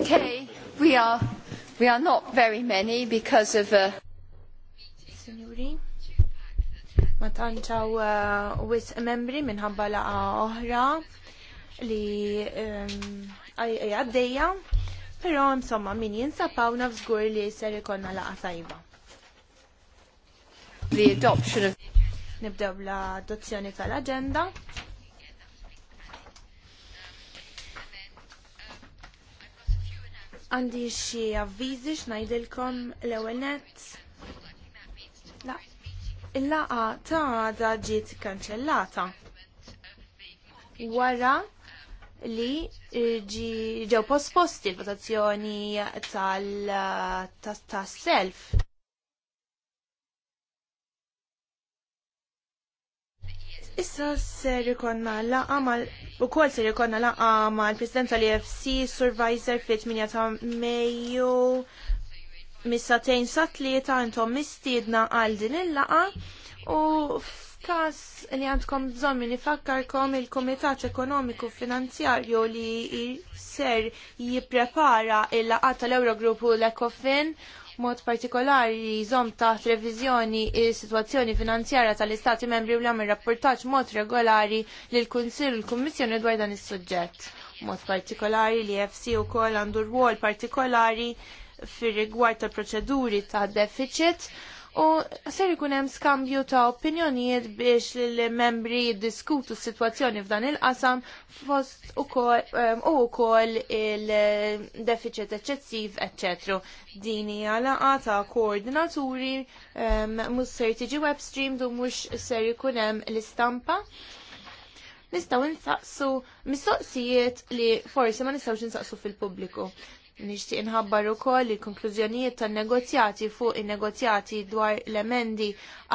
Okay, we are, we are not very many because of... a uh, Signori, ma tanċaw uh, wis membri minħabba laqa oħra li um, għaddeja, pero insomma min jinsapawna fżgur li ser ikonna laqa tajba. The adoption of... Nibdew l-adozzjoni tal-agenda. Għandi xi avviżi x'ngħidilkom l-ewwel net. La, il-laqa ta' għada ġiet kanċellata. Wara li ġew posposti l-votazzjoni tal-self. Issa ser ikonna laqa mal u kol ser ikonna laqa mal president tal fc Survisor fit-8 ta' Mejju mis-satejn sa' tlieta intom mistiedna għal din il-laqa u f'kas li għandkom bżonn nifakkarkom il-Kumitat Ekonomiku Finanzjarju li ser jipprepara il-laqa tal eurogrupu u l-Ecofin mod partikolari jżomm taħt reviżjoni il sitwazzjoni finanzjarja tal-Istati membri u l-għamil rapportaċ mod regolari l kunsill u l-Kummissjoni dwar dan is-suġġett. Mod partikolari li FC wkoll għandu rwol partikolari fir rigward tal-proċeduri ta' deficit u ser ikun hemm skambju ta' opinjonijiet biex l-membri jiddiskutu s-sitwazzjoni f'dan il-qasam fost ehm, u wkoll il-deficit eċċessiv, eċċetru. Din hija laqa ta' koordinaturi ehm, mhux ser tiġi webstream du mhux ser ikun hemm l-istampa nistaw nsaqsu mistoqsijiet li forsi ma nistawx nsaqsu fil-pubbliku. Nixtieq inħabbar ukoll il-konklużjonijiet tan-negozjati fuq in-negozjati dwar l-emendi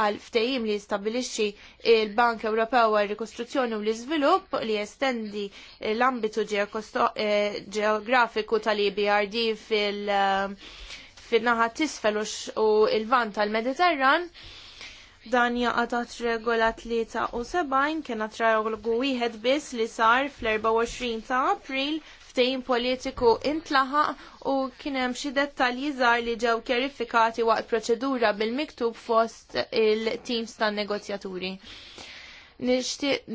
għal ftehim li jistabbilixxi il-Bank Ewropew għal rikostruzzjoni u l-iżvilupp li jestendi l-ambitu ġeografiku eh, tal-EBRD fil- naħa tisfel u il vant tal-Mediterran. Dan jaqa' taħt regola 73 kien attrajogu wieħed biss li sar fl-24 ta' April ftehim politiku intlaħaq u kien hemm xi dettalji żgħar li ġew kjerifikati waqt proċedura bil-miktub fost il-teams tan-negozjaturi. Nixtieq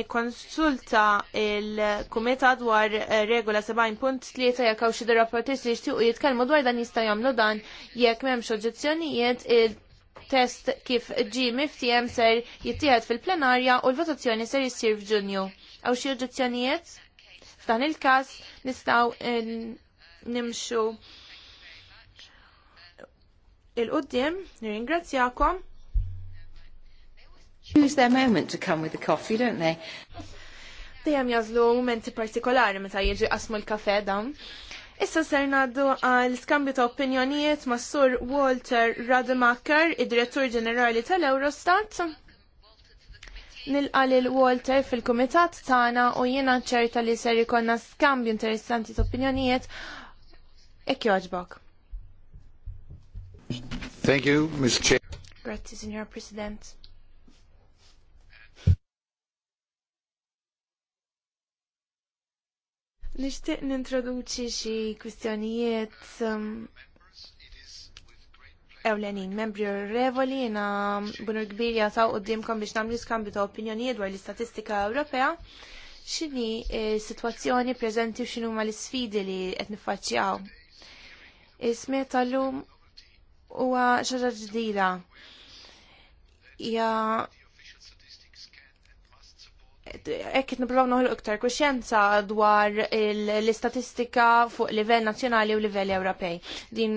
nikkonsulta il-kumeta dwar regola 7.3 jekk hawn xi rapportis li jixtiequ jitkellmu dwar dan jista' jagħmlu dan jekk m'hemmx oġġezzjonijiet il test kif ġi miftiem ser jittieħed fil-plenarja u l-votazzjoni ser jissir f'Ġunju. Għaw xi oġġezzjonijiet? F'dan il-każ nistgħu eh, nimxu il-qudiem, nirringrazzjakom. Choose their moment to come with the coffee, don't they? Dejjem jażlu momenti partikolari meta jiġi qasmu l-kafe dawn. Issa ser naddu għal skambju ta' opinjonijiet ma' Sur Walter Rademacher, id-Direttur Ġenerali tal-Eurostat. Nilqalil walter fil-komitat tagħna u jiena ċerta li ser ikonna skambju interessanti t opinjonijiet ek joġbok. Thank you, Ms. Chair. Grazie, Signor President. Nishtiq nintroduċi xi kwistjonijiet um, ewlenin, membri revoli jena bunur kbir jataw dimkom biex namlu skambju ta' opinjoni dwar l-istatistika Ewropea xini eh, situazzjoni prezenti u xinu ma l-sfidi li qed niffaċċjaw. Ismi tal-lum huwa xaġa ġdida. Ja ekk nipprovaw noħlu iktar kuxjenza dwar l-istatistika fuq livell nazzjonali u l-livell Ewropej. Din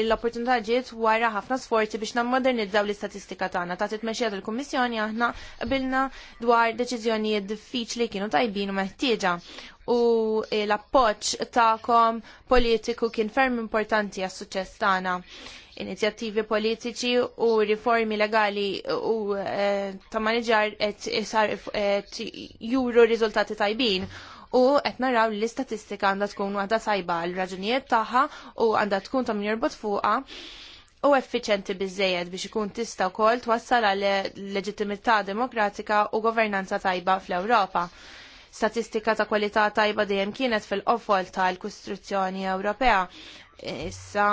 l-opportunità ġiet wara ħafna sforzi biex nammodernizzaw l-istatistika tagħna. Ta' titmexxija tal-Kummissjoni aħna qabilna dwar deċiżjonijiet diffiċli kienu tajbin u meħtieġa u l-appoġġ ta'kom politiku kien ferm importanti għas-suċċess tagħna inizjattivi politiċi u riformi legali u eh, ta' maniġar et juru riżultati tajbin u qed naraw li l-istatistika għandha tkun waħda sajba l raġunijiet tagħha u għandha tkun ta' jorbot fuqha u effiċenti biżejjed biex ikun tista' wkoll twassal għal leġittimità demokratika u governanza tajba fl-Ewropa. Statistika ta' kwalità tajba dejjem kienet fil-qofol tal-Kostruzzjoni Ewropea. Issa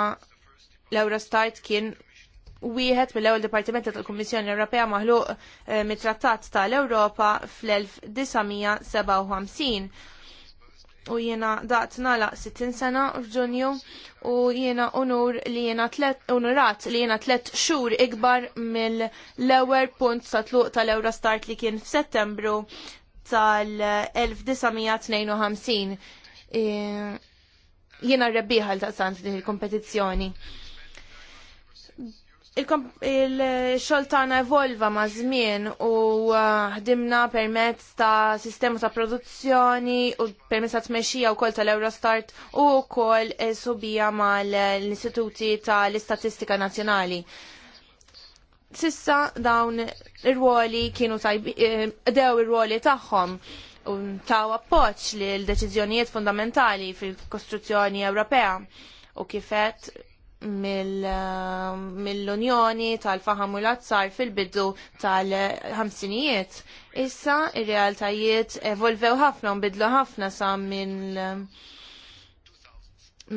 l eurostat kien wieħed mill-ewwel dipartimenti tal-Kummissjoni Ewropea maħluq eh, mit-Trattat tal-Ewropa fl-1957 u jiena daqt nalaq 60 sena f'Ġunju u jiena unur li jiena unurat li jiena tlet xhur ikbar mill-ewwel punt sa tluq tal-Eurostart li kien f'Settembru tal-1952. Eh, jiena rebbieħal ta' sant il kompetizzjoni il-xol tagħna evolva ma' żmien u uh, ħdimna permezz ta' sistema ta' produzzjoni u permezz ta' tmexxija wkoll tal-Eurostart u wkoll eh, subija mal-Istituti tal-Istatistika Nazzjonali. Sissa dawn ir-ruoli kienu tajbi, eh, dew ir-ruoli tagħhom u taw li l deċiżjonijiet fundamentali fil-kostruzzjoni Ewropea u kifet Eh, mill-Unjoni mil tal-faham u l-azzar fil-bidu tal-ħamsinijiet. Issa ir-realtajiet evolvew ħafna, bidlu ħafna sa minn eh,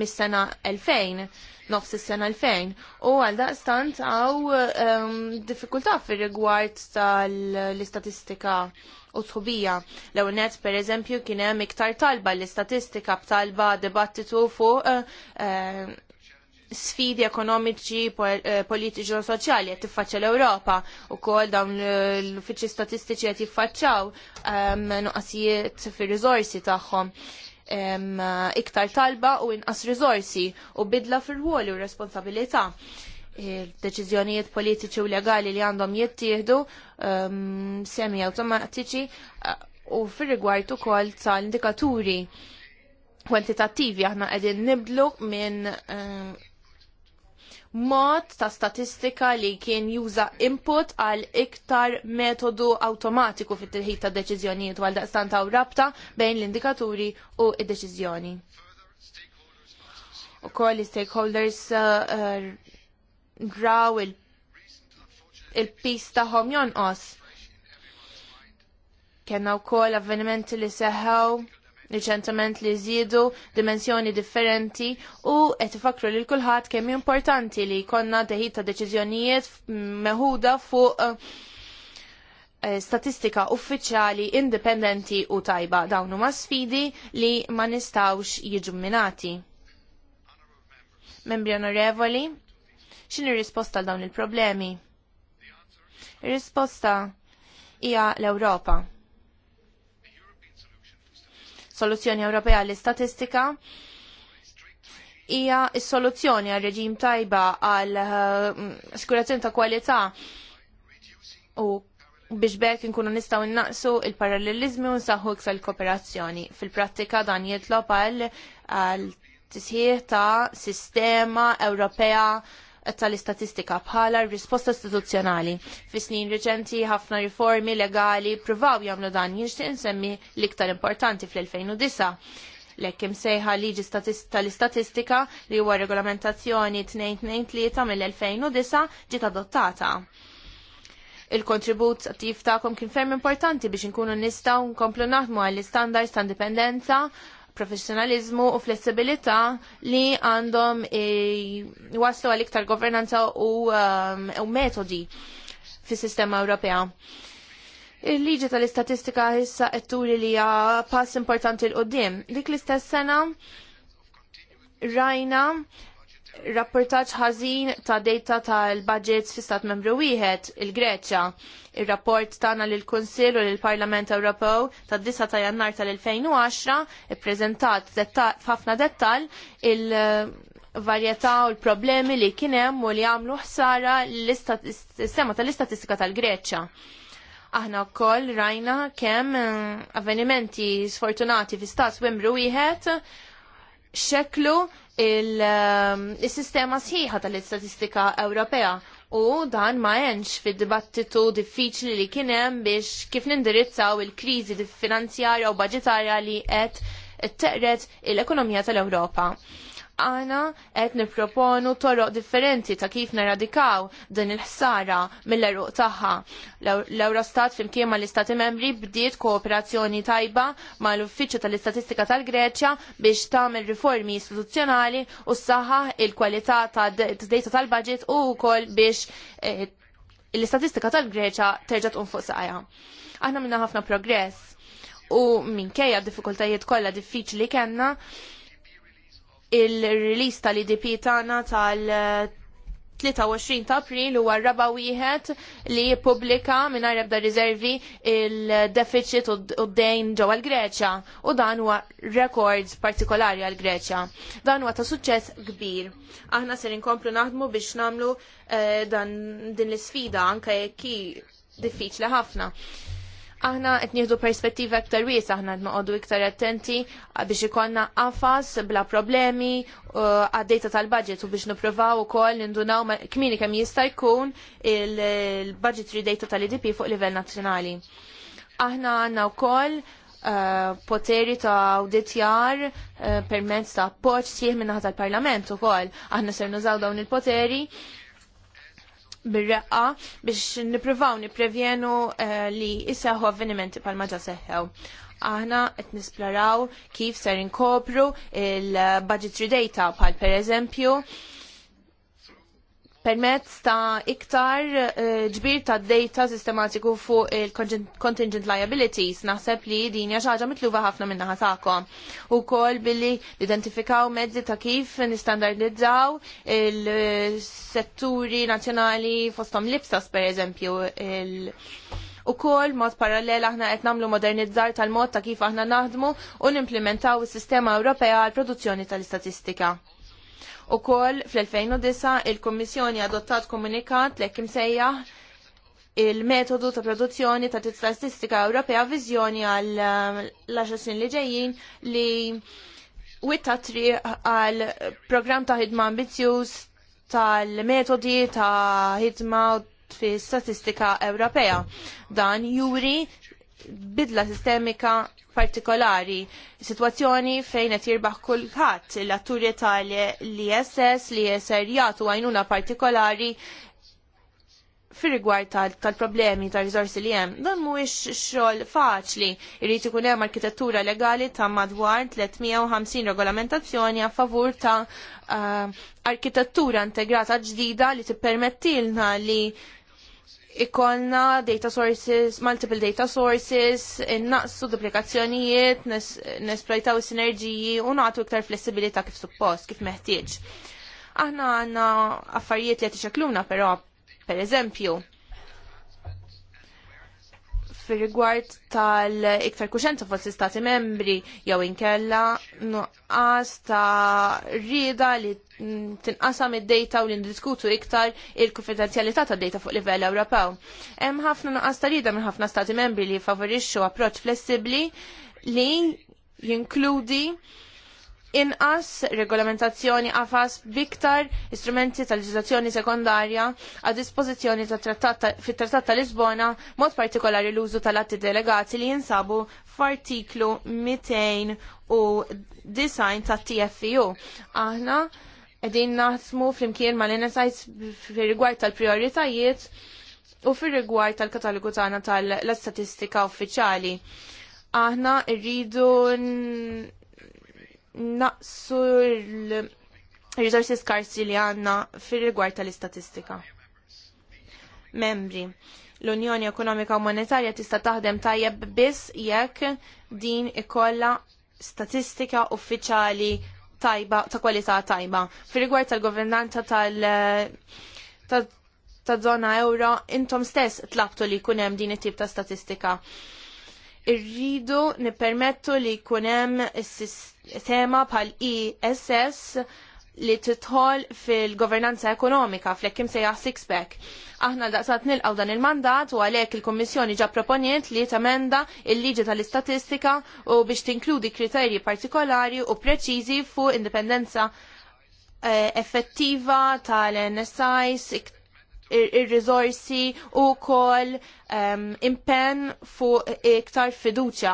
mis-sena 2000 nofs is-sena 2000 u għal daqstant għaw um, diffikultà fir rigward tal-istatistika u tħubija. Law net per eżempju kien hemm iktar talba l-istatistika b'talba dibattitu fuq uh, uh, sfidi ekonomiċi, eh, politiċi u soċjali qed tiffaċċja l-Ewropa wkoll dawn l-uffiċċji statistiċi qed jiffaċċjaw ehm, nuqqasijiet fir-riżorsi tagħhom ehm, iktar talba u inqas riżorsi u bidla fir-ruoli u responsabilità deċiżjonijiet politiċi u legali li għandhom jittieħdu ehm, semi awtomatiċi eh, u fir-rigward ukoll tal-indikaturi kwantitattivi aħna qegħdin nibdlu minn mod ta' statistika li kien juża input għal iktar metodu automatiku fit tilħid ta' deċiżjonijiet għal daqstan ta' rabta bejn l-indikaturi u id-deċiżjoni. U koll stakeholders uh, uh, raw il-pista il tagħhom jonqos. Kenna wkoll avvenimenti li seħaw liċentament li żiedu dimensjoni differenti u qed ifakru lil kulħadd kemm importanti li jkollna teħid ta' deċiżjonijiet meħuda fuq eh, eh, statistika uffiċjali indipendenti u tajba dawn huma sfidi li ma nistawx jiġu minati. Membri onorevoli, x'inhi risposta għal dawn il-problemi? Ir-risposta hija l-Ewropa soluzzjoni Ewropea l-istatistika hija s-soluzzjoni għal reġim tajba għal eh, mm, skurazzjoni ta' kwalità u biex bekk nkunu nistgħu innaqsu il-parallelizmi u nsaħħu iktar kooperazzjoni. Fil-prattika dan jitlob għal għal tisħiħ ta' sistema Ewropea tal-istatistika bħala risposta istituzzjonali. Fis snin reċenti ħafna riformi legali provaw jagħmlu dan jinxtieq insemmi l-iktar importanti fl-2009 lekkim sejħa liġi tal-istatistika li huwa regolamentazzjoni 223 mill-2009 ġiet adottata. Il-kontribut attiv ta'kom kien ferm importanti biex inkunu nistaw nkomplu naħdmu għall istandards ta' indipendenza professionalizmu u flessibilità li għandhom waslu għal iktar governanza u, um, u metodi fis sistema Ewropea. Il-liġi tal-istatistika issa qed turi li hija pass importanti l qoddim Dik l-istess sena rajna rapportaġġ ħażin ta' data tal-budgets fi stat membru wieħed, il-Greċja. Ir-rapport tagħna lill kunsill u lill-Parlament Ewropew tad-9 ta' Jannar tal-2010 ippreżentat f'ħafna dettall il- uh, varjetà u l-problemi li kien hemm u li għamlu ħsara l-sistema tal-istatistika tal-Greċja. Aħna wkoll rajna kemm uh, avvenimenti sfortunati fi stat Membru wieħed xeklu Um, il-sistema sħiħa tal-istatistika Ewropea u dan ma jenx fid dibattitu diffiċli li kienem biex kif nindirizzaw il-krizi finanzjarja u budgetarja li qed teqret l-ekonomija tal-Ewropa. Għana qed nipproponu toroq differenti ta' kif naradikaw din il-ħsara mill-eruq tagħha. L-Eurostat flimkien ma' l-Istati membri bdiet kooperazzjoni tajba ma' l-Uffiċċju tal-Istatistika tal-Greċja biex tagħmel riformi istituzzjonali u saħħaħ il-kwalità ta' data tal-budget u wkoll biex eh, l-istatistika tal-Greċja terġa' tqum fuq saqja. Aħna minna ħafna progress u minkejja d diffikultajiet kollha diffiċli kellna, il-release tal-IDP tagħna tal-23 ta' April huwa raba wieħed li jippubblika mingħajr ebda riservi il-deficit u d-dejn ġewwa l-Greċja u dan huwa rekord partikolari għall Greċja. Dan huwa ta' suċċess kbir. Aħna ser inkomplu naħdmu biex nagħmlu eh, dan din l-isfida anke jekk diffiċli ħafna aħna qed nieħdu perspettiva iktar wiesa aħna qed noqogħdu iktar attenti biex ikollna qafas bla problemi għad-dejta tal-budget u biex nippruvaw ukoll nindunaw kmini kemm jista' jkun il-budgetary data tal-IDP fuq livell nazzjonali. Aħna għandna wkoll uh, poteri ta' auditjar uh, permezz ta' appoġġ sieħ min-naħa tal-Parlament ukoll. Aħna ser nużaw dawn il-poteri bir-reqqa biex nippruvaw niprevjenu eh, li jisseħħu avvenimenti palma ġa seħħew aħna qed nisploraw kif ser inkopru il-budgetary data bħal pereżempju permezz ta' iktar eh, ġbir ta' data sistematiku fuq il-contingent liabilities. Naħseb li din hija xaġa mitluba ħafna minna ħatakom. U kol billi identifikaw mezzi ta' kif nistandardizzaw il-setturi nazjonali fostom lipsas per eżempju il- U kol mod parallel aħna qed nagħmlu modernizzar tal-mod ta' kif aħna naħdmu u nimplementaw is-sistema Ewropea għal produzzjoni tal-istatistika. U kol fl-2009 il-Kommissjoni adottat komunikat l sejja il-metodu ta' produzzjoni ta' statistika Ewropea viżjoni għal um, l li ġejjin li wittatri għal program ta' ħidma ambizjuż tal-metodi ta' ħidma fi statistika Ewropea. Dan juri bidla sistemika partikolari, situazzjoni fejn qed jirbaħ kulħadd l-atturi tal-ISS li jeser jagħtu għajnuna partikolari fir rigward tal-problemi tal riżorsi li hemm. Dan mhuwiex xogħol faċli Irid ikun hemm arkitettura legali ta' madwar 350 regolamentazzjoni a favur ta' eh, arkitettura integrata ġdida li tippermettilna li ikolna data sources, multiple data sources, innaqsu duplikazzjonijiet, nesplojtaw nes sinerġiji u nagħtu iktar flessibilità kif suppost, kif meħtieġ. Aħna għandna affarijiet li qed ixekluna però, per eżempju, fir-rigward tal-iktar kuxenza fost istati membri jew inkella nuqqas ta' rida li tinqasam id-data u li ndiskutu iktar il-konfidenzjalità ta' data fuq livell Ewropew. Hemm ħafna nuqqas ta' rida minn ħafna stati membri li favorixxu approċċ flessibbli li jinkludi inqas regolamentazzjoni għafas biktar istrumenti tal leġislazzjoni sekondarja għad dispożizzjoni fit-Trattat ta' Lisbona, mod partikolari l-użu tal-atti delegati li jinsabu f'artiklu 200 u design ta' TFU. Aħna edin nasmu fl-imkien ma' l-NSIs fil-rigward tal-prioritajiet u fil-rigward tal-katalogu tagħna tal-statistika uffiċjali. Aħna rridu naqsu l-rizorsi skarsi li għanna fir rigward tal-istatistika. Membri, l-Unjoni Ekonomika u Monetarja tista' taħdem tajjeb biss jekk din ikolla statistika uffiċjali tajba ta' kwalità tajba. Fir rigward tal-governanza tal- ta' zona euro intom stess tlabtu li kunem din it-tip ta' statistika irridu nipermettu li kunem sistema pal ISS e li titħol fil-governanza ekonomika fl kim sejja six-pack. Aħna daqsat nilqaw dan il-mandat u għalek il-Kommissjoni ġa proponiet li tamenda il-liġi tal-istatistika u biex tinkludi kriterji partikolari u preċizi fu indipendenza eh, effettiva tal-NSI, ir rizorsi u kol um, impen fuq iktar fiduċja.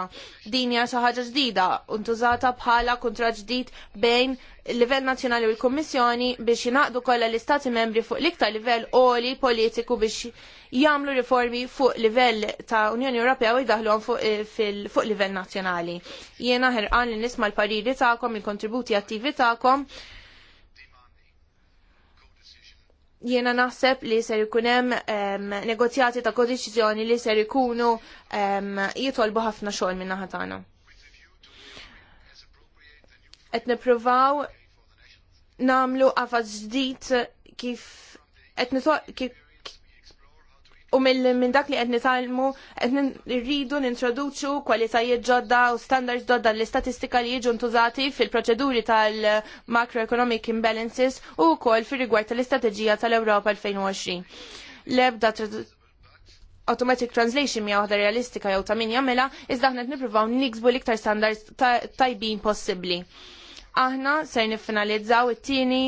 Din hija xi ħaġa ġdida untużata bħala kontra ġdid bejn livell nazzjonali u l-Kummissjoni biex jinaqdu kollha l-Istati membri fuq l-iktar livell oli politiku biex jagħmlu riformi fuq livell ta' Unjoni Ewropea u jdaħluhom fuq, eh, fuq livell nazzjonali. Jiena ħerqan li nisma' l-pariri tagħkom, il-kontributi attivi tagħkom Jiena naħseb li ser ikunem um, negozjati ta' kodiċizjoni li ser ikunu um, jitolbu ħafna xogħol minn ħatana. Qed nippruvaw namlu qafas ġdid kif qed kif U minn dak li qed talmu, qed rridu nintroduċu kwalitajiet ġodda u standards ġodda l-istatistika li jiġu ntużati fil-proċeduri tal-macroeconomic imbalances u wkoll fir-rigward tal-istrateġija tal-Ewropa 2020. L-ebda automatic translation mija waħda realistika jew ta' min jagħmilha, iżda aħna qed nippruvaw niksbu l-iktar standards tajbin possibbli. Aħna se niffinalizzaw it-tieni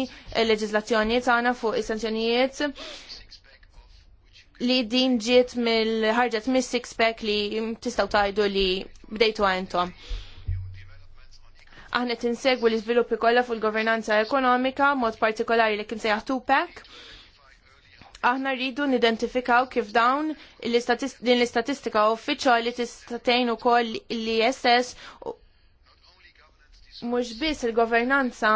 leġiżlazzjoni tagħna fuq is-sanzjonijiet li din ġiet mill-ħarġet mis-six pack li tistaw tajdu li bdejtu għentom. Aħna tinsegwu l sviluppi kollha fuq il-governanza ekonomika, mod partikolari li kien sejjaħ Tupac. Aħna rridu nidentifikaw kif dawn din l-istatistika uffiċjali tista' tgħin ukoll l-ISS mhux biss il-governanza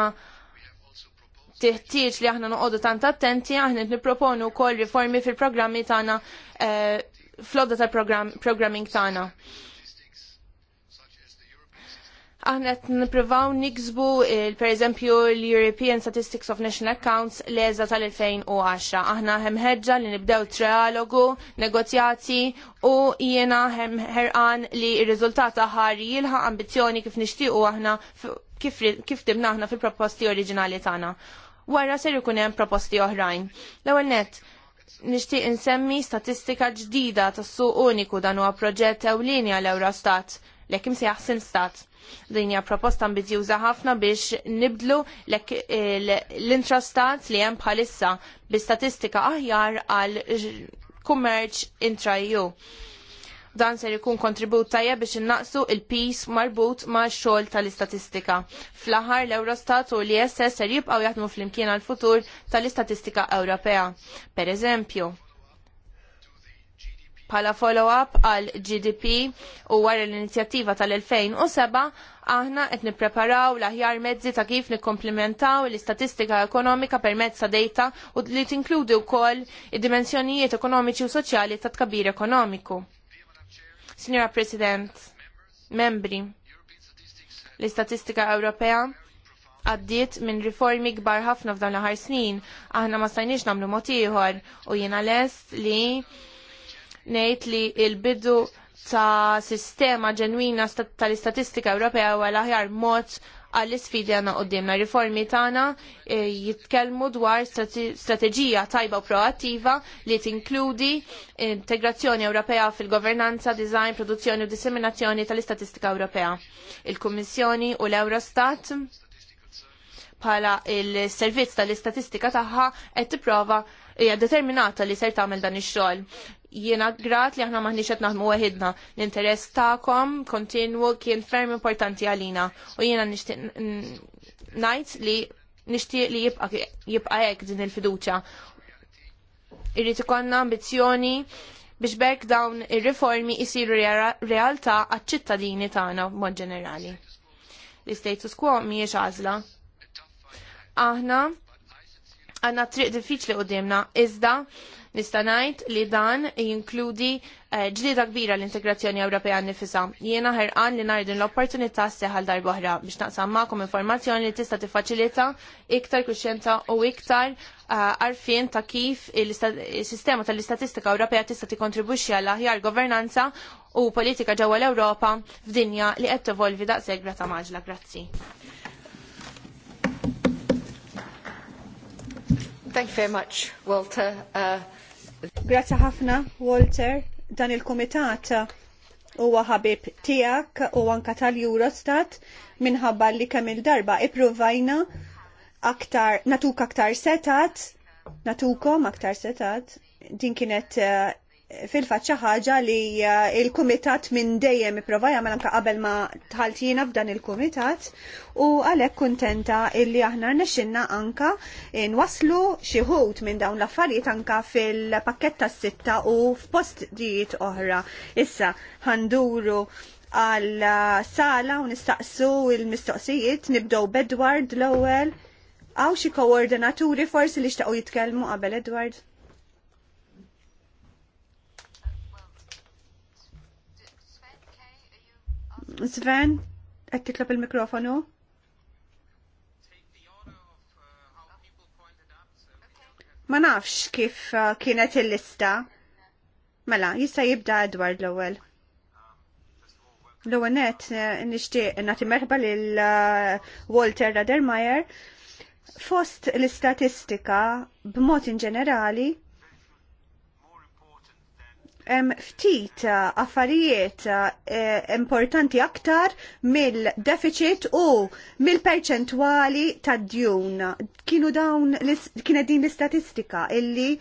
tiħtieġ li aħna noqogħdu tant attenti aħna qed nipproponu wkoll riformi fil-programmi tagħna eh, flodda tal-programming tagħna aħna qed nippruvaw niksbu per eżempju l-European Statistics of National Accounts l-eża tal-2010. Aħna hemm ħeġġa li nibdew trialogu, negozjati u jiena hemm ħerqan li r-riżultat aħar jilħaq ambizzjoni kif nixtiequ aħna kif timna aħna fil-proposti oriġinali tagħna wara ser ikun hemm proposti oħrajn. L-ewwel nett, nixtieq insemmi statistika ġdida tas-suq uniku dan huwa proġett ewlieni għal Eurostat lekk imsi se jaħsin stat. Din hija proposta ambizjuża ħafna biex nibdlu eh, l-intrastat li hemm bħalissa bi statistika aħjar għal kummerċ intra EU dan ser ikun kontribut tajja biex innaqsu il-pis marbut ma' xogħol tal-istatistika. Fl-aħħar l-Eurostat u l-ISS ser jibqgħu jaħdmu flimkien għal futur tal-istatistika Ewropea. Per eżempju, Pala follow-up għal GDP u wara l-inizjattiva tal-2007, aħna qed nippreparaw l-aħjar mezzi ta' kif nikkomplimentaw l-istatistika ekonomika permezz ta' data u li tinkludi wkoll id-dimensjonijiet ekonomiċi u soċjali ta' tkabir ekonomiku. Signora President, membri, l-istatistika Ewropea għaddiet minn riformi kbar ħafna f'dawn l-ħar snin, aħna ma stajniex namlu motiħor u jiena lest li ngħid li il-bidu ta' sistema ġenwina tal-istatistika Ewropea u għal-aħjar mod għall-isfidi għana għoddimna. Riformi tagħna eh, jitkellmu dwar strateġija tajba u proattiva li tinkludi integrazzjoni Ewropea fil-governanza, design, produzzjoni u disseminazzjoni tal-istatistika Ewropea. Il-Kummissjoni u l-Eurostat bħala il-servizz tal-istatistika tagħha qed tipprova hija determinata li ser tagħmel dan ix-xogħol jiena grat li aħna maħniex qed naħdmu weħidna. L-interess tagħkom kontinwu kien ferm importanti għalina u jiena nixtieq ngħid li nixtieq li jibqa' jibqa' hekk din il-fiduċja. Irrid ikollna ambizzjoni biex bekk dawn ir-riformi jisiru realtà għaċ-ċittadini tagħna b'mod ġenerali. L-status quo mhijiex għażla. Aħna għandna triq diffiċli qudiemna iżda Nista' ngħid li dan jinkludi eh, ġlieda kbira l-integrazzjoni Ewropea nifisa. Jiena ħerqan li nardin l-opportunità seħal darb'oħra biex naqsam magħkom informazzjoni li tista' tiffaċilita iktar kuxjenza u iktar eh, għarfien ta' kif il-sistema tal-istatistika Ewropea tista' tikkontribwixxi għal aħjar governanza u politika ġewwa l-Ewropa f'dinja li qed tevolvi daqshekk ta' maġla. Grazzi. Thank you very much, Walter. Uh, Grazie ħafna, Walter. Dan il-komitat huwa ħabib tiegħek u anka tal-Eurostat minħabba li kemm il-darba ippruvajna aktar natuk aktar setat natukom aktar setat din kienet uh, fil-faċċa ħaġa li eh, il-kumitat minn dejjem iprova jagħmel anke qabel ma tħaltina f'dan il-kumitat u għalhekk kuntenta illi aħna rnexxinna anka nwaslu xi ħut minn dawn l-affarijiet anka fil-pakkett tas-sitta u f'postijiet oħra. Issa ħanduru għal sala u nistaqsu il-mistoqsijiet nibdew b'Edward l-ewwel. Għaw xi koordinaturi forsi li xtaqgħu jitkellmu qabel Edward? Sven, qed titlob il-mikrofonu. Ma nafx kif uh, kienet il-lista. Mela, jista' jibda Edward l-ewwel. L-ewwel net uh, nixtieq nagħti merħba lil uh, Walter Radermeyer fost l-istatistika b'mod in ġenerali em, ftit affarijiet eh, importanti aktar mill-deficit u mill-perċentwali tad-djun. Kienu dawn kienet din l-istatistika illi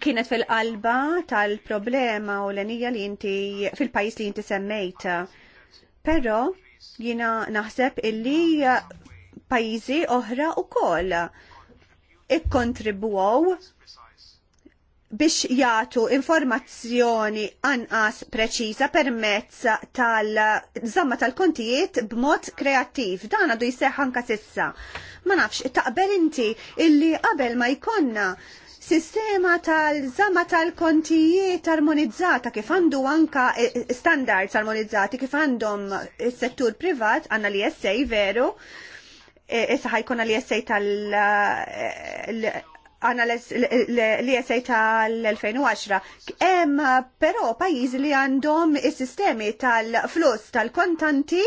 kienet fil-qalba tal-problema u l-enija li inti fil-pajis li inti semmejt. Pero jina naħseb illi pajizi oħra u koll ikkontribuaw biex jagħtu informazzjoni anqas preċiża permezz tal-żamma tal-kontijiet b'mod kreattiv. Dan għadu jseħħ anka sissa. Ma nafx, taqbel inti illi qabel ma jkonna sistema tal żamma tal-kontijiet armonizzata kif għandu anka e, e, standards armonizzati kif għandhom is-settur privat għandna li jessej veru e, issa ħajkun għal jessej tal għana l-ESA tal-2010. Em, pero pajiz li għandhom sistemi tal-flus tal-kontanti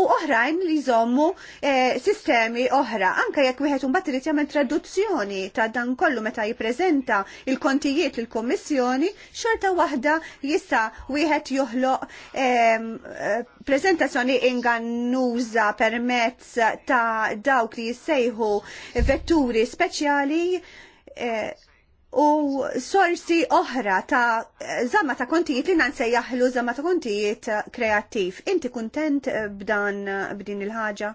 u oħrajn li jżommu eh, sistemi oħra. Anka jekk wieħed un irid jagħmel traduzzjoni ta' dan kollu meta jippreżenta il-kontijiet il-Kommissjoni, xorta waħda jista' wieħed joħloq prezentazzjoni ingannuża permezz ta' dawk li jissejħu vetturi speċjali Eh, u sorsi oħra ta' zama ta' kontijiet li nan sejjaħlu zama ta' kontijiet kreattiv. Inti kontent eh, b'dan eh, b'din il-ħaġa?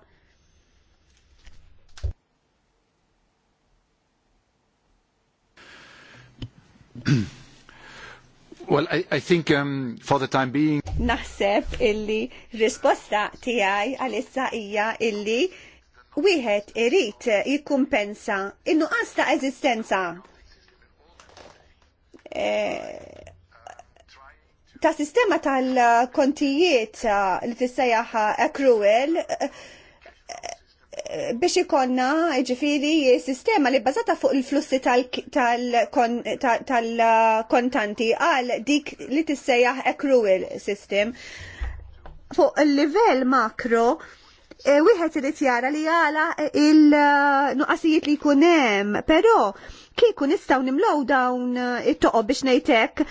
well, I, I think um, for the time being... Naħseb illi risposta tijaj għalissa ija illi wieħed irid jikkumpensa in-nuqqas ta' eżistenza eh, ta' sistema tal-kontijiet eh, li tissejjaħ accrual eh, biex ikonna ġifiri sistema li bazata fuq il-flussi tal-kontanti għal dik li tissejjaħ accrual system fuq il-level makro Eh, wieħed irid jara li jala eh, il eh, nuqasijiet li jkun hemm, però kieku nistgħu nimlow dawn it-toqob biex ngħidlek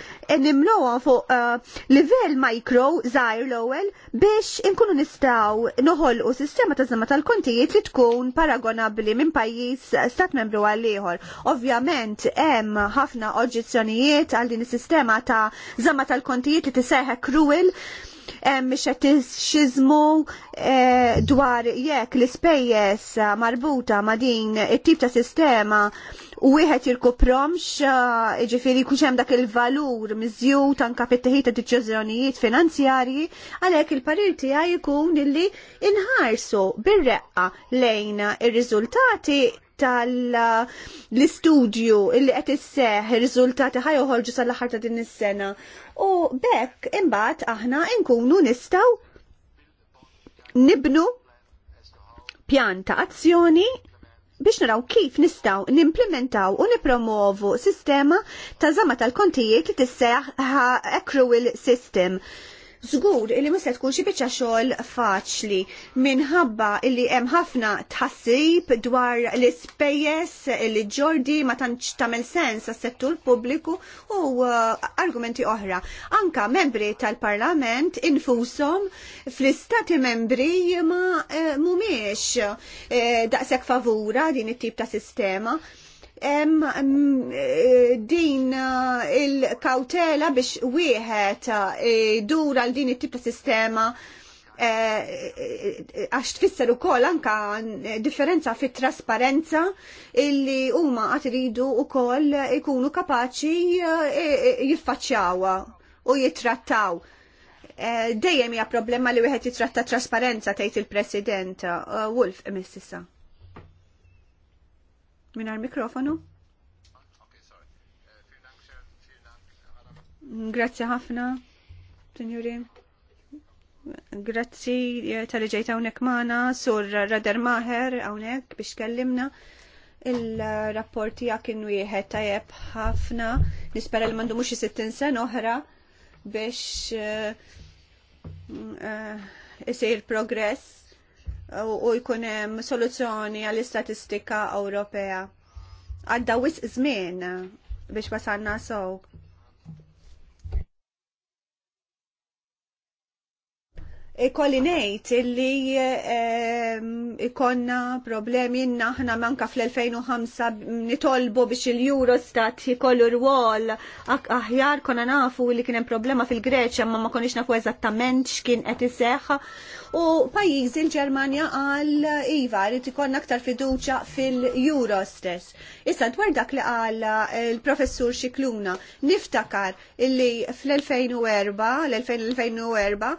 nimlowhom fuq livell micro żgħir l-ewwel biex inkunu nistgħu noħolqu sistema ta' żamma tal-kontijiet li tkun paragonabbli minn pajjiż stat membru għal ieħor. Ovvjament hemm ħafna oġġezzjonijiet għal din is-sistema ta' żamma tal-kontijiet li tissejħek cruel hemm qed e, eh, dwar jekk l-ispejjeż marbuta ma' din it-tip ta' sistema u wieħed jirkupromx eh, jiġifieri kux hemm dak il-valur miżjud anke fit-teħid ta' deċiżjonijiet finanzjarji, għalhekk il-parir tiegħi jkun illi inħarsu bir-reqqa lejn ir-riżultati tal-istudju illi qed isseħ ir-riżultati ħaj joħorġu sal-aħħar ta' din is-sena. U bekk imbagħad aħna nkunu nistgħu nibnu pjan ta' azzjoni biex naraw kif nistaw nimplementaw u nipromovu sistema ta' zama tal-kontijiet li tisseħ accrual system. Żgur illi mhux se tkun xi biċċa xogħol faċli minħabba illi hemm ħafna tħassib dwar l-ispejjeż li ġordi ma tantx tagħmel sens għas-settur pubbliku u uh, argumenti oħra. Anka membri tal-Parlament infushom fl-istati membri ma eh, mhumiex eh, daqshekk favura din it-tip ta' sistema. Eh, din eh, il-kautela biex wieħed eh, dura għal din it-tip ta' sistema għax tfisser u kol anka differenza fit trasparenza illi huma għat ridu u kol ikunu kapaċi jiffaċċjawha u jitrattaw. Dejjem hija problema li wieħed jitratta trasparenza tgħid il-President Wolf emississa. Minar mikrofonu. Grazzi ħafna, Signori. Grazzi eh, tal-ġejta unek maħna, sur Radar Maher unek biex kellimna. Il-rapporti jak kienu jieħed tajab ħafna, nispera li mandu muxi 60 sen oħra biex jisir eh, eh, progress u jkun hemm soluzzjoni għall-istatistika Ewropea. Għadda wisq żmien biex wasalna sow. Ikollinejt ngħid illi ehm, ikonna problemi naħna manka fl-2005 nitolbu biex il-Eurostat jikollu rwol aħjar konna nafu li kien hemm problema fil-Greċja ma ma konniex nafu eżattament x'kien qed iseħħ. U pajjiżi il ġermanja għal iva li tikonna aktar fiduċja fil-Eurostess. Issa dwar dak li qal il-professur Xikluna niftakar illi fl-2004 l-2004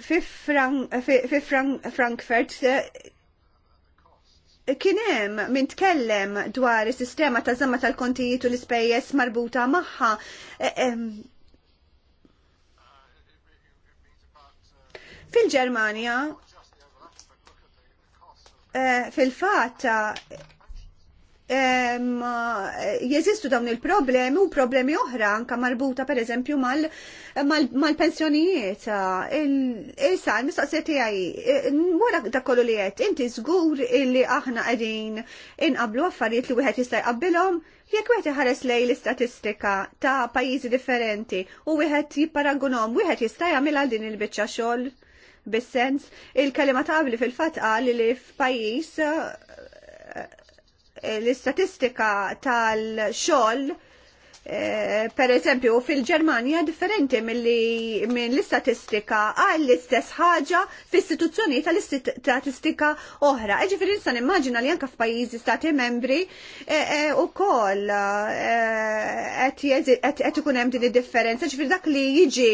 fi, Frankfurt eh, kienem min tkellem dwar is-sistema ta' zamma tal-kontijiet u l-ispejjeż marbuta magħha. Eh, Fil-Ġermanja eh, fil fatta Eh, jeżistu dawn il-problemi u problemi oħra anka marbuta per eżempju mal-pensjonijiet. Issa, l-mistoqsija tiegħi, eh, wara da kollu li qed inti żgur illi aħna qegħdin inqablu affarijiet li wieħed jista' jqabbilhom, jekk wieħed iħares lej l-istatistika ta' pajjiżi differenti u wieħed jipparagunhom, wieħed jista' jagħmilha din il-biċċa xogħol bis-sens il-kelima ta' qabli fil-fatt qal li f'pajjiż l-istatistika tal-xogħol eh, per eżempju, fil-Germania differenti minn l istatistika għal l-istess ħaġa fil-istituzzjoni tal-istatistika oħra. E fil-insan immaġina li anka f'pajjiżi stati membri eh, eh, u kol qed ikun hemm din id-differenza. Eġifiri dak li jiġi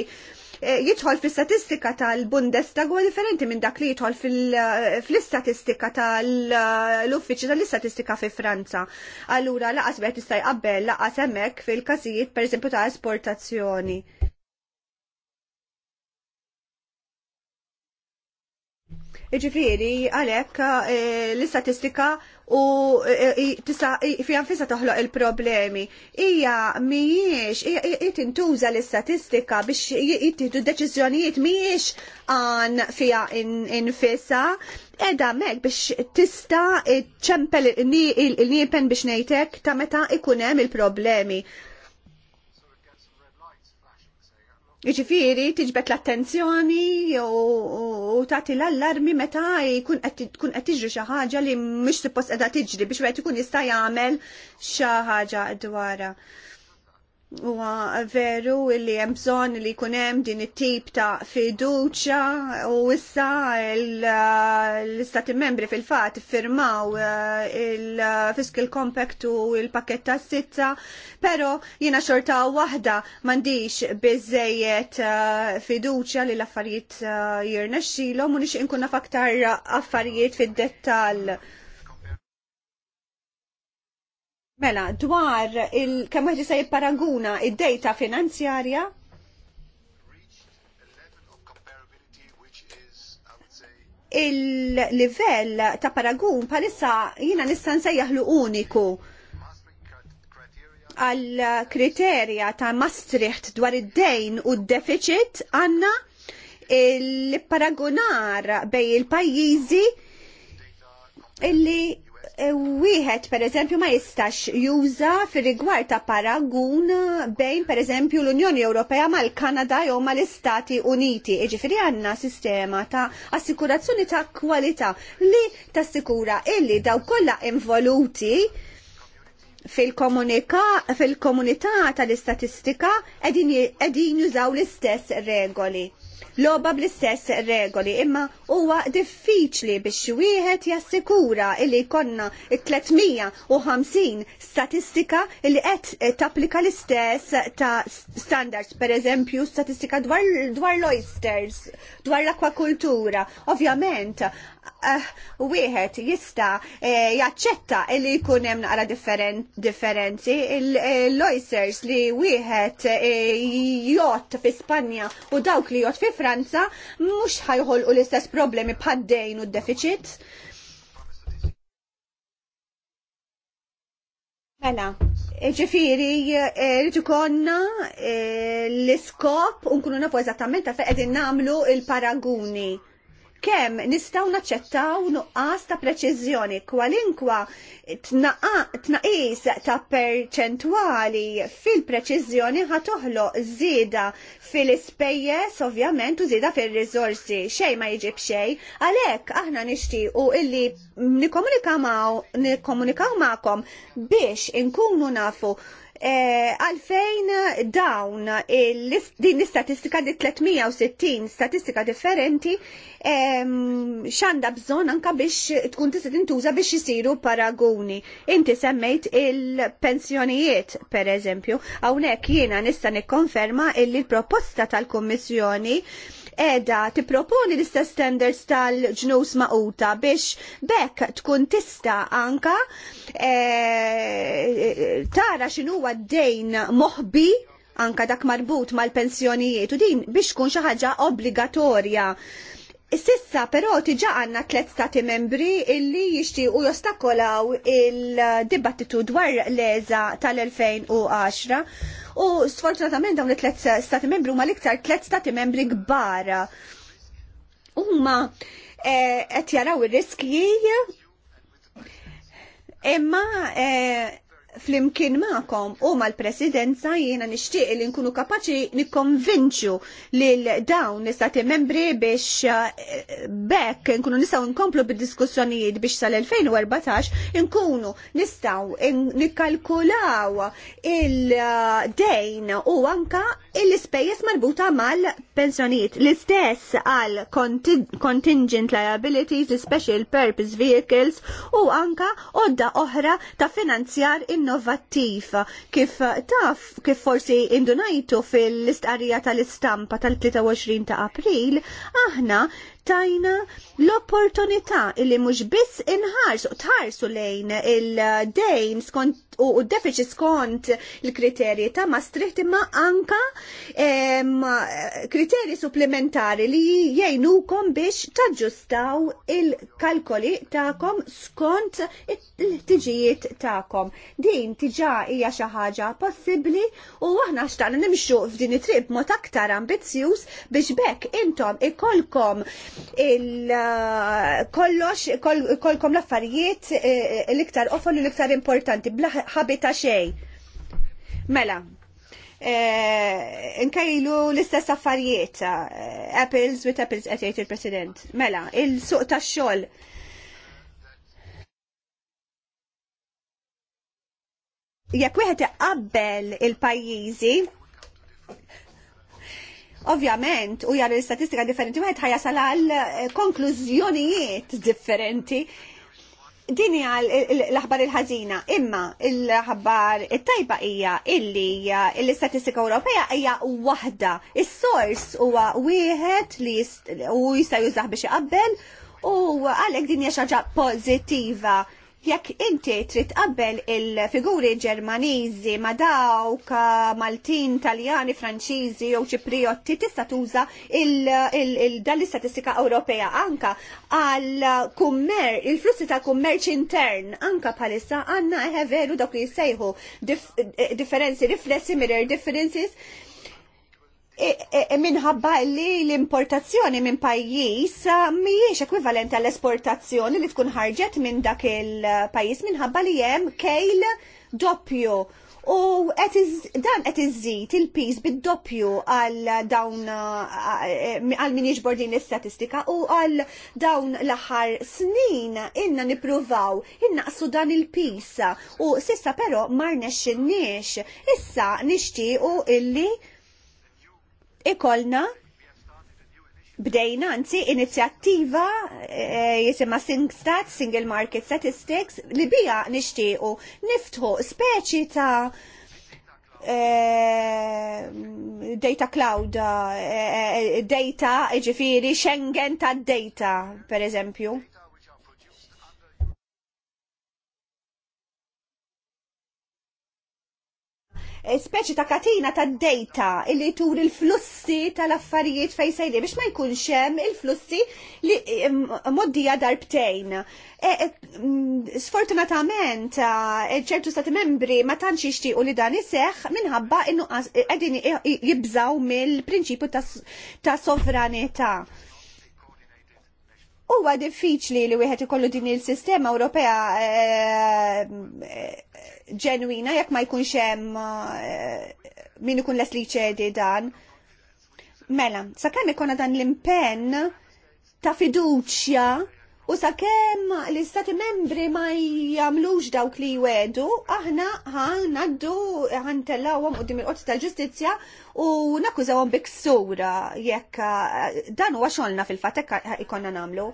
Eh, jidħol fil-statistika tal-Bundestag huwa differenti minn dak li jidħol eh, fil-istatistika tal-uffiċi tal-istatistika fi Franza. Allura laqas bħet jista' jqabbel laqas hemmhekk fil-każijiet pereżempju ta' esportazzjoni. Iġifiri, għalek, eh, l-istatistika u e, e, tisa fi toħloq il-problemi. Ija miex, ija tintuża l-istatistika biex jittieħdu deċiżjonijiet miex għan fija infisa. Edha mek biex tista ċempel il-niepen biex nejtek ta' meta ikunem il-problemi. il problemi Iġifiri, tiġbet l-attenzjoni u tagħti l-allarmi meta jkun qed tiġri xi ħaġa li mhux suppost qiegħda tiġri biex wieħed ikun jista' jagħmel xi ħaġa dwarha huwa veru li hemm bżonn li jkun hemm din it-tip ta' fiduċja u issa eh, l-istati membri fil-fatt firmaw eh, il-Fiscal eh, Compact u l-pakket ta' sitta, però jiena xorta waħda m'għandix biżejjed fiduċja li l-affarijiet jirnexxilhom u nixtieq inkun naf aktar affarijiet fid-dettall. Mela, dwar il-kemm wieħed se jipparaguna id-dejta finanzjarja il-livell ta' paragun palissa jina nista' nsejjaħlu uniku għal kriterja ta' Maastricht dwar id-dejn u d-deficit għanna il-paragunar bej il-pajjiżi illi E, wieħed pereżempju ma jistax juża fir-rigward ta' paragun bejn pereżempju l-Unjoni Ewropea mal-Kanada jew mal-Istati Uniti. Jiġifieri għandna sistema ta' assikurazzjoni ta' kwalità li tassikura illi daw kollha involuti fil-komunità fil tal-istatistika edin jużaw l-istess regoli loba bl-istess regoli, imma huwa diffiċli biex wieħed jassikura illi konna 350 statistika illi qed tapplika l-istess ta' standards, per eżempju statistika dwar, dwar l-oysters, dwar l-akwakultura. Ovvjament, Eh, wieħed jista eh, jaċċetta li jkun hemm naqra differenzi eh, l-oysters li wieħed jgħod fi Spanja u dawk li jgħod fi Franza mhux ħajħolqu l-istess problemi bħad-dejn u d-deficit. Mela, ġifiri, rritu konna l-iskop unkunu nafu eżattament ta' feqed namlu il-paraguni kemm nistgħu naċċettaw nuqqas ta' preċiżjoni kwalinkwa tnaqis ta' perċentwali fil-preċiżjoni ħatuħlo zida żieda fil-ispejjeż ovvjament u żieda fir rizorsi xejn ma jġib xej għalhekk aħna nixtiequ illi nikkomunikaw ma'kom biex inkunu nafu Eh, għalfejn dawn din l-istatistika di 360 statistika differenti e, xanda bżon anka biex tkun tista' tintuża biex isiru paragoni. Inti semmejt il-pensjonijiet per eżempju, hawnhekk jiena nista' nikkonferma illi l-proposta tal-Kummissjoni edha tipproponi l-istess standards tal-ġnus maquta biex bekk tkun tista anka e, tara xinu għaddejn moħbi anka dak marbut mal-pensjonijiet u din biex tkun xi ħaġa obbligatorja Sissa però tiġa għanna tlet stati membri illi jixti u jostakolaw il-dibattitu dwar l-eza tal-2010 u sfortunatament dawn it-tlet stati membri huma l-iktar tlet stati membri kbar. Huma eh, qed jaraw ir-riskji imma eh, flimkien ma'kom u mal-presidenza jiena nixtieq li nkunu kapaċi nikkonvinċu lil dawn l-istati membri biex eh, bekk nkunu nistaw nkomplu bid-diskussjonijiet biex sal-2014 nkunu nistaw nikkalkulaw il-dejn u anka l-ispejjeż marbuta mal-pensjonijiet. L-istess għal contingent liabilities, special purpose vehicles u anka odda oħra ta' finanzjar in innovattiv kif taf kif forsi indunajtu fil-istqarrija tal-istampa tal-23 ta' April, aħna tajna l-opportunità li mhux biss inħarsu tħarsu lejn il-dejn skont u d-deficit skont il-kriterji ta' Maastricht imma anka kriterji supplementari li jgħinukom biex taġġustaw il-kalkoli ta'kom skont il-tiġijiet ta'kom. Din tiġa hija xi ħaġa possibbli u aħna xtaqna nimxu f'din it trib mod aktar ambizzjuż biex bekk intom ikolkom il-kollox kolkom l-affarijiet eh, eh, l-iktar offer l-iktar importanti blaħ ħabita xej. Mela, e, nkajlu l-istess affarijiet, e, apples with apples qed jgħid il-President. Mela, il-suq tax-xogħol. Jekk wieħed iqabbel il-pajjiżi, ovvjament u jar l-istatistika differenti, wieħed ħajasal għal e, konklużjonijiet differenti Dini għal l-aħbar il-ħazina, imma l ħabar il-tajba hija illi l-istatistika Ewropea hija waħda. Is-sors huwa wieħed li u jista' jużah biex iqabbel u għalhekk din hija xaġa pożittiva jekk inti trid qabbel il-figuri Ġermaniżi ma dawk Maltin, Taljani, Franċiżi jew Ċipriotti tista' tuża dan l-istatistika Ewropea anka għal kummer il-flussi ta' kummerċ intern anka bħalissa għandna veru dawk li jsejħu differenzi riflessi mirror differences E, e, e minħabba li l-importazzjoni minn pajjiż eh, mhijiex ekwivalenti għall esportazzjoni li tkun ħarġet minn dak il-pajjiż minħabba li hemm kejl doppju. U dan qed iżid il-pis bid-doppju għal dawn eh, għal min jiġbor din l-istatistika u għal dawn l-aħħar snin inna nippruvaw innaqsu dan il piż u sissa però ma rnexxinniex. Issa nixtiequ illi ikolna bdejna anzi inizjattiva e, jisima SingStat, Single Market Statistics, li bija nishtiqu niftħu speċi ta' eh, data cloud, eh, data ġifiri Schengen ta' data, per eżempju. Eh, speċi ta' katina ta' data illi tur il-flussi tal-affarijiet fej sejri biex ma jkunx hemm il-flussi li eh, moddija darbtejn. Eh, mm, sfortunatament ċertu stati membri ma tantx jixtiequ li dan iseħħ minħabba innu qegħdin jibżaw mill-prinċipju ta' sovranità huwa diffiċli li wieħed ikollu din il-sistema Ewropea eh, ġenwina jekk ma jkunx hemm eh, min ikun les li ċedi dan. Mela, sakemm ikona dan l-impenn ta' fiduċja U sakemm l-istati membri ma jagħmlux dawk li jwedu, aħna ħanaddu ħantellawhom u il qotta tal-ġustizzja u nakkużawhom biksura jekk eh, dan huwa xogħolna fil-fatt hekk ikonna nagħmlu.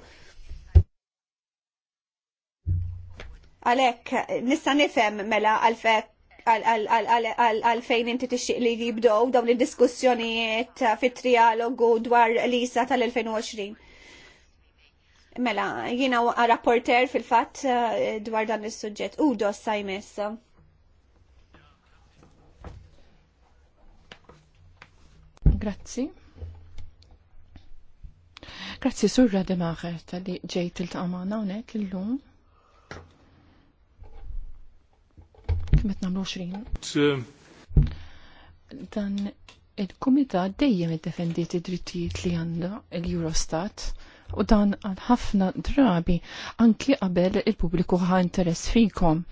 Għalhekk nista' nifhem mela għalfek għalfejn inti tixxiq li jibdow dawn id-diskussjonijiet fit-trialogu dwar l-ISA tal-2020 Mela, jina rapporter fil-fat eh, dwar dan il-sujġet. U dossa sajmes. Grazzi. Grazzi surra demaħer ta' li ġejt il-taqmana unek il-lum. Kimet namlu 20. Dan il komita dejjem id-defendiet id-drittijiet li għanda il-Eurostat u dan għal ħafna drabi anki qabel il-pubbliku ħa interess fikom.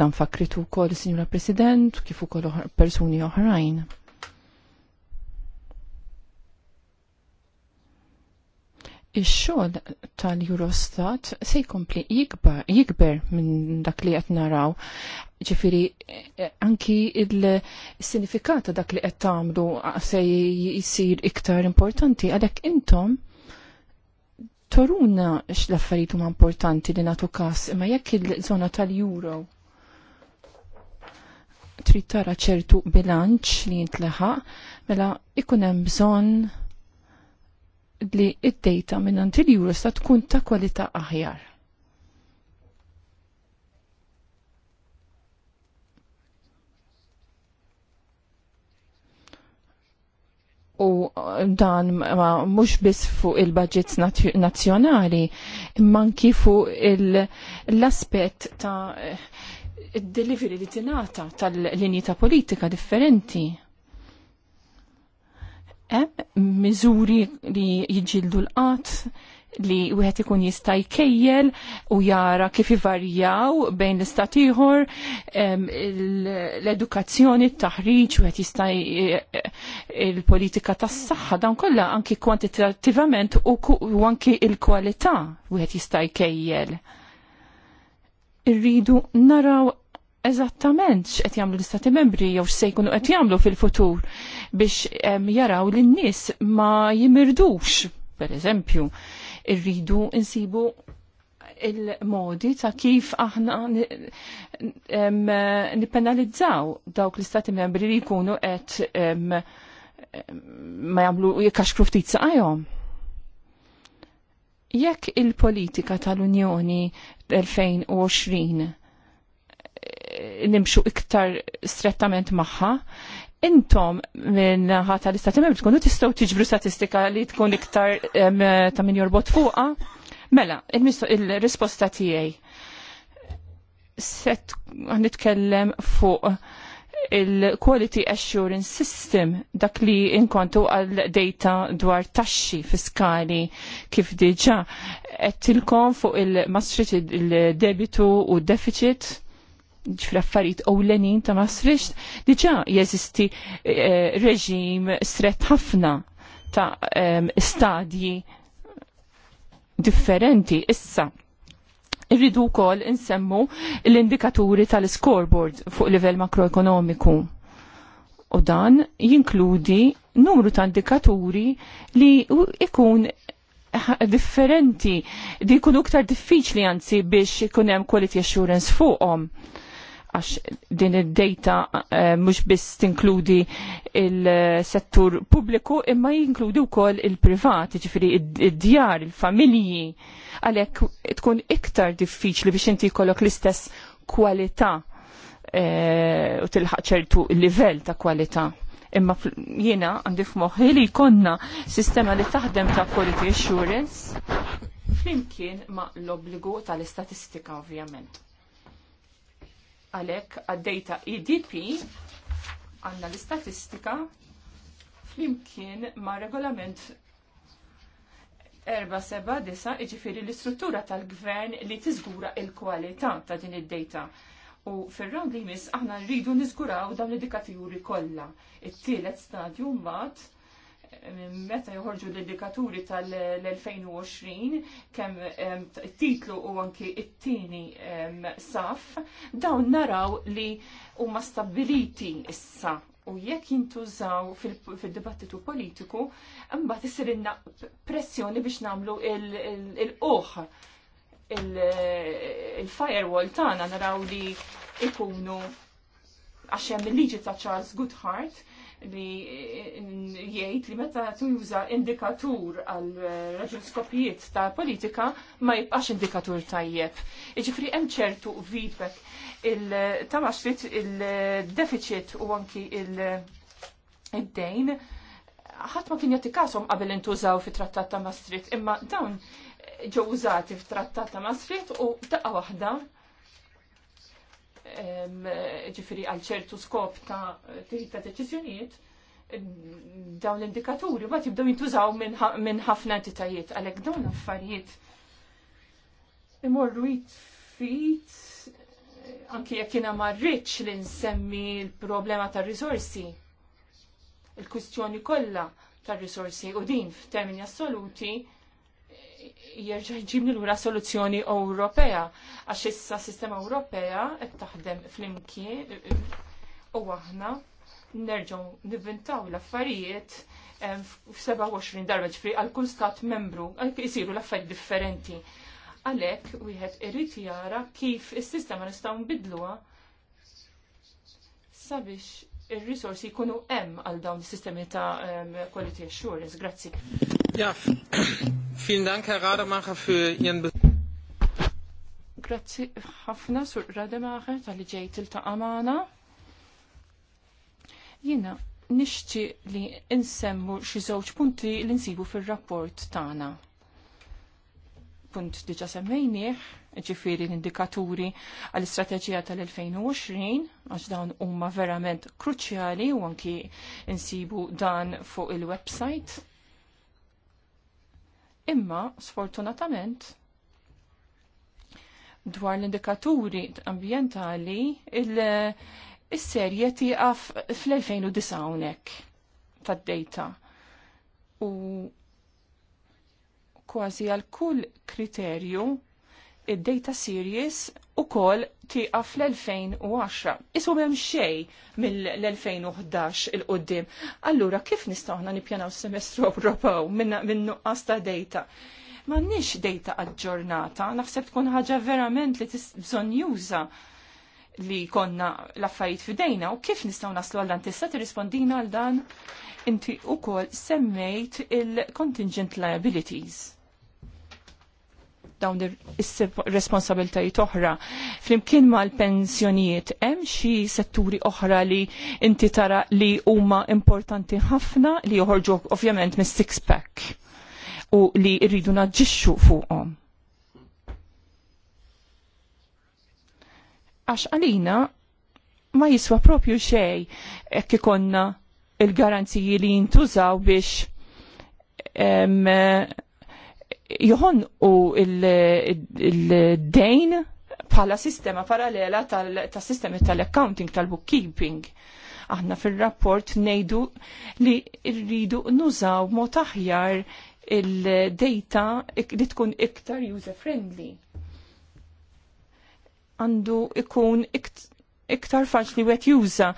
Dan fakritu wkoll Signora sinjura President kif ukoll persuni oħrajn. Ix-xogħol tal-Eurostat se jkompli jikber minn dak li qed naraw. Ġifieri eh, anki il-sinifikat dak li qed tagħmlu se jsir iktar importanti għalhekk intom toruna x affarijiet huma importanti li nagħtu każ, imma jekk il-żona tal-Euro trid tara ċertu bilanċ li jintleħa, mela ikun hemm bżonn li id-dejta minn għand il sta tkun ta' kwalità aħjar. u uh, dan ma mhux biss fuq il-budgets nazzjonali, imma anki fuq l-aspett ta' il-delivery li tingħata tal-linji ta' politika differenti. Hemm miżuri li jiġildu l-qatt, li wieħed ikun jista' jkejjel u jara kif ivarjaw bejn l-istat ieħor l-edukazzjoni, t-taħriġ, wieħed jista' e- e- e- il-politika tas-saħħa dawn kollha anki kwantitattivament u anki il-kwalità wieħed jista' jkejjel. Irridu naraw eżattament x'qed jagħmlu l-Istati Membri jew x'se jkunu qed jagħmlu fil-futur biex jaraw li n-nies ma jimirdux, per eżempju, irridu insibu il-modi ta' kif aħna nipenalizzaw dawk l-istati membri li jkunu qed ma jagħmlu jekkax ftit saqajhom. Jekk il-politika tal-Unjoni 2020 eh, nimxu iktar strettament magħha, intom minn ħata l-istati membri tkunu tistgħu tiġbru statistika li tkun iktar ta' min jorbot fuqha. Mela, il-risposta tiegħi set nitkellem fuq il-Quality Assurance System dak li inkontu għal data dwar taxxi fiskali kif diġa qed tilkom fuq il-masrit il-debitu u deficit fl-affarijiet ewlenin ta' Maastricht diġa' jeżisti eh, reġim stret ħafna ta' ehm, stadji differenti issa. Irridu wkoll insemmu l-indikaturi tal-scoreboard fuq livell makroekonomiku. U dan jinkludi numru ta' indikaturi li ikun differenti, li jkunu iktar diffiċli anzi biex ikun hemm quality assurance fuqhom għax din id-data eh, mhux biss tinkludi il-settur pubbliku imma jinkludi wkoll il-privat, ġifieri id-djar, il privat jiġifieri id djar il familji għalhekk tkun iktar diffiċli biex inti jkollok l-istess kwalità eh, u tilħaq ċertu livell ta' kwalità. Imma jiena għandi f'moħħi li jkollna sistema li taħdem ta' quality assurance flimkien ma' l-obbligu tal-istatistika ovvjament Għalek għaddejta EDP għanna l-istatistika flimkien ma' regolament 479 iġifiri l-istruttura tal-gvern li tiżgura il-kualità ta' din id-data. U fil-round li mis aħna rridu niżguraw dawn l-indikaturi kollha. It-tielet stadju mbagħad meta joħorġu l-indikaturi tal-2020 kemm titlu u anki it-tieni saf, dawn naraw li huma stabiliti issa u jekk jintużaw fil-dibattitu politiku, mbagħad inna pressjoni biex nagħmlu il oħ il-firewall tagħna naraw li ikunu għax hemm il-liġi ta' Charles Goodhart li eh, jgħid li meta tuża indikatur għal eh, raġun skopijiet ta' politika ma jibqax indikatur tajjeb. Iġifri hemm ċertu feedback il-tamaxlit eh, il-deficit u anki il-dejn ħadd ma kien jagħti kasom qabel intużaw fit-trattat ta' Maastricht, imma dawn ġew użati f'trattat ta' Maastricht u daqqa waħda ġifiri għal ċertu skop ta' ta' deċizjoniet, dawn l-indikaturi ma tibdew jintużaw minn ħafna entitajiet għalhekk dawn affarijiet imorru jitfit anki jekk jiena marriċ li nsemmi l-problema tar-risorsi. Il-kwistjoni kollha tar-risorsi u din f'termini assoluti jerġa' jġibni lura soluzzjoni Ewropea għax issa sistema Ewropea qed taħdem flimkien u aħna nerġgħu nivvintaw l-affarijiet f-27 darba ġifri għal kull stat membru, jisiru l-affarijiet differenti. Għalek, wieħed irid jara kif is-sistema nistgħu nbidluha sabiex il-risorsi jkunu hemm għal dawn is-sistemi ta' quality assurance. Grazzi. Ja, vielen Dank Herr Rademacher für Ihren Grazzi ħafna sur Rademacher tal-li ġejt il-ta' amana. Jiena nixti li insemmu xi żewġ punti li nsibu fir-rapport tagħna. Punt diġa semmejnieh ġifiri l-indikaturi għall-istrateġija tal-2020, għax dawn huma verament kruċjali u anki insibu dan fuq il-website. Imma, sfortunatament, dwar l-indikaturi ambientali il-serje tiqaf fl-2009 unek tad-data. U kważi għal kull kriterju id-data series u kol tiqa fl-2010. Isu mem xej mill-2011 il-qoddim. Allura, kif nistawna nipjanaw semestru Ewropew minn nuqqas ta' data? Ma nix data aġġornata, naħseb tkun ħaġa verament li bżon juża li konna laffajt fidejna u kif nistaw naslu għallan tista tirrispondina għal dan inti u kol semmejt il-contingent liabilities dawn ir-responsabiltajiet oħra. Flimkien mal-pensjonijiet hemm xi setturi oħra li inti tara li huma importanti ħafna li joħorġu ovvjament mis-six pack u li rridu naġġixxu fuqhom. Għax għalina ma jiswa propju xej jekk ikonna il-garanziji li jintużaw biex joħon u il-dejn bħala sistema parallela tal-sistemi tal-accounting, tal-bookkeeping. Aħna fil-rapport nejdu li rridu nużaw mod aħjar il-data li tkun iktar user-friendly. Għandu ikun iktar faċli wet juża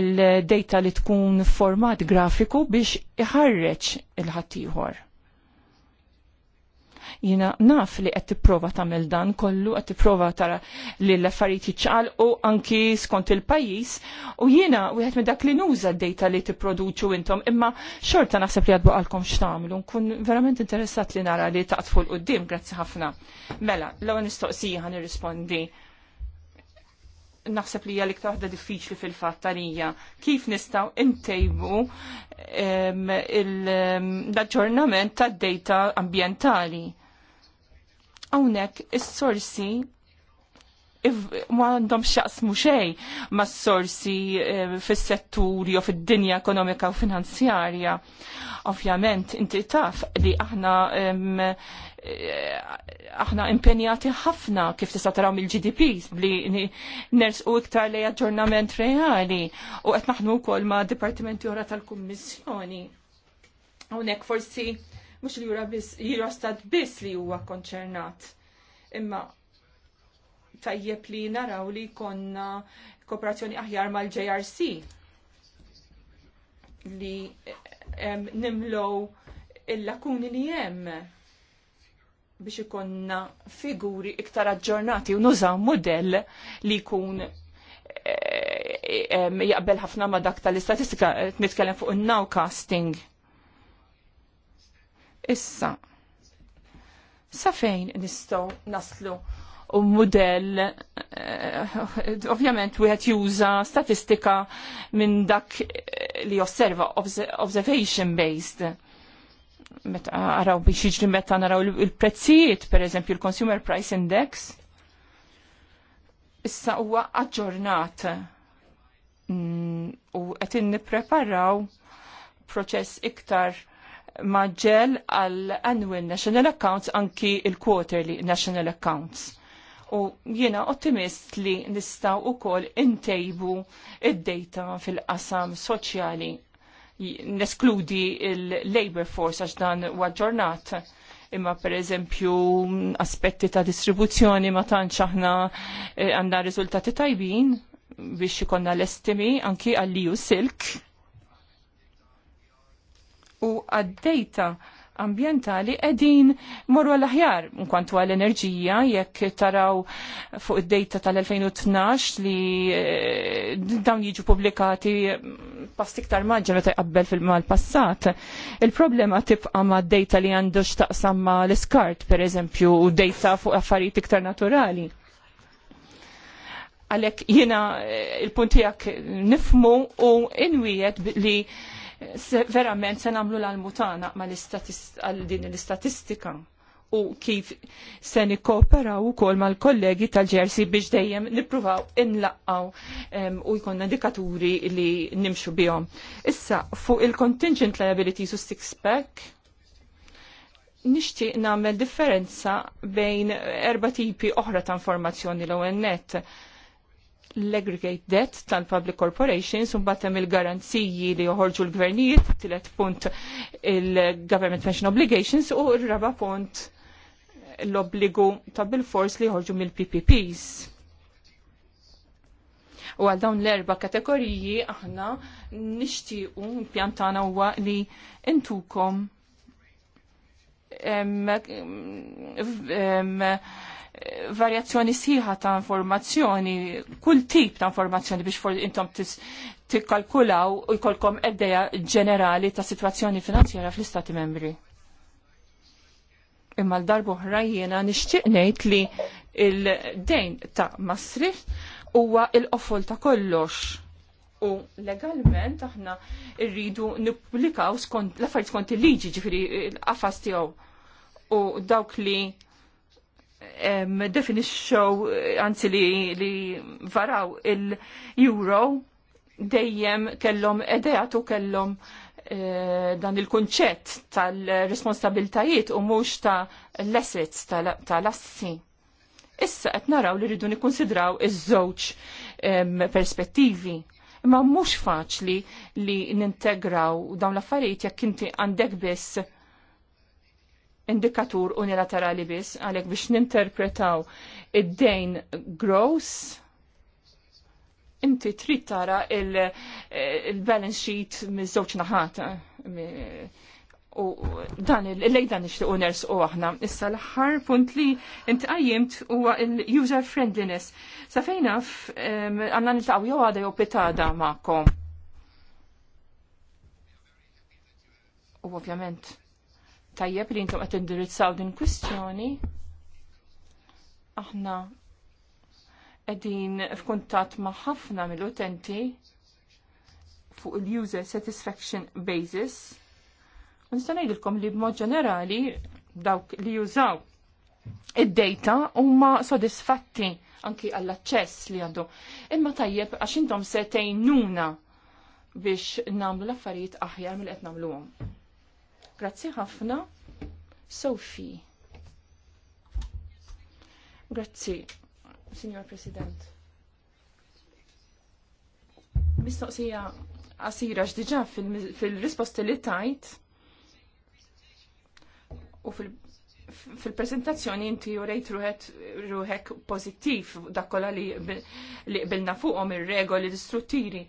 il-data li tkun format grafiku biex iħarreċ il-ħattijħor Jina naf li qed tipprova tagħmel dan kollu, qed tipprova tara li l-affarijiet jiċċaqal u anki skont il-pajjiż u jiena wieħed minn dak li nuża d-dejta li tipproduċu intom, imma xorta naħseb li għadbu għalkom x'tagħmlu. Nkun verament interessat li nara li taqtfu l qoddim grazzi ħafna. Mela, l-ewwel nistoqsija ħan irrispondi naħseb li hija taħda diffiċli fil-fattarija. Kif nistgħu intejbu l-aġġornament tad-data ambjentali? Hawnhekk is-sorsi ma għandhom xaqs muxej ma s-sorsi e, fil setturi u fil-dinja ekonomika u finanzjarja. Ovvjament, inti taf li aħna Eh, aħna impenjati ħafna kif tista' taraw mill-GDP li nersqu iktar li aġġornament reali u qed naħnu wkoll ma' dipartimenti oħra tal-Kummissjoni. Hawnhekk forsi mhux li jura biss jirostat biss li huwa konċernat. Imma tajjeb li naraw li konna kooperazzjoni aħjar mal-JRC li eh, eh, nimlow il-lakuni li jem biex ikonna figuri iktar aġġornati u nużaw modell li jkun eh, eh, jaqbel ħafna ma dak tal-istatistika eh, nitkellem fuq il-now casting. Issa, sa fejn nistgħu naslu u modell ovvjament wieħed juża statistika minn dak li osserva observation based meta araw biex jiġri meta naraw il-prezzijiet, per eżempju il-Consumer Price Index, issa huwa aġġornat mm, u qed nippreparaw proċess iktar maġġel għal annual national accounts anki il-quarterly national accounts. U jiena ottimist li nistaw u kol intejbu id-data fil-qasam soċjali neskludi il-labor force għax dan huwa ġurnat imma per eżempju aspetti ta' distribuzzjoni ma tantx aħna eh, għandna riżultati tajbin biex ikonna l-estimi anki għalliju silk u għaddejta data ambientali edin morru għal-aħjar nkwantu għal-enerġija jekk taraw fuq id-data tal-2012 li eh, dawn jiġu publikati past iktar maġġa meta jqabbel fil-mal-passat. Il-problema tibqa ma' data li għandu xtaqsam ma' l-iskart, per eżempju, u data fuq affarijiet iktar naturali. Għalek jiena eh, il jak nifmu u inwijet li verament se nagħmlu l-almutana ma għal din l-istatistika u kif se nikkooperaw ukoll mal-kollegi tal-ġersi biex dejjem nippruvaw inlaqqaw u jkollna indikaturi li nimxu bihom. Issa, fuq il-contingent liabilities u six pack, nixtieq nagħmel differenza bejn erba' tipi oħra ta' informazzjoni l-ewwel l-aggregate debt tal-public corporations un battem il-garanziji li joħorġu l-gvernijiet, tilet punt il-government pension obligations u r-raba punt l-obbligu ta' bil-fors li joħorġu mill-PPPs. U għal dawn l-erba kategoriji aħna nixtiequ pjantana huwa li intukom varjazzjoni sħiħa ta' informazzjoni, kull tip ta' informazzjoni biex for intom tikkalkulaw u jkolkom eddeja ġenerali ta' situazzjoni finanzjera fl-istati membri. Imma l-darbu ħrajjena jiena nixtieq ngħid li il-dejn ta' Masrif huwa il-qofol ta' kollox. U legalment aħna rridu nipplikaw skont l-affarijiet skont il-liġi ġifieri l-qafas tiegħu. U dawk li definixxew anzi li, li varaw il-euro dejjem kellhom edejat u kellhom eh, dan il-kunċett tal-responsabiltajiet u mhux ta' l-assets tal-assi. Issa qed naraw li rridu nikkonsidraw iż-żewġ perspettivi. Imma mhux faċli li nintegraw dawn l-affarijiet jekk inti għandek biss indikatur unilaterali biss għalek biex ninterpretaw id-dejn gross inti trid tara il-balance eh, sheet miż-żewġ naħat eh, u dan il-lej dan nixtiequ nersqu u aħna. Issa l-aħħar punt li inti qajjimt huwa il-user friendliness. Sa fejnaf naf għandna niltaqgħu jew għadha jew pitada magħkom. U ovvjament tajjeb li jintom qed indirizzaw din kwistjoni. Aħna qegħdin f'kuntatt ma' ħafna mill-utenti fuq il-user satisfaction basis. Nista' ngħidilkom li b'mod ġenerali dawk li jużaw id-data huma sodisfatti anki għall-aċċess li għandu. Imma tajjeb għax intom se tejnuna biex namlu l-affarijiet aħjar mill-qed nagħmluhom. Grazzi ħafna. Sophie. Grazzi, Signor President. Mistoqsija għasira x'diġà fil-risposti li tajt u fil-prezentazzjoni inti urejt ruħek pozittiv dakolla li qbilna fuqhom ir-regoli l-istrutturi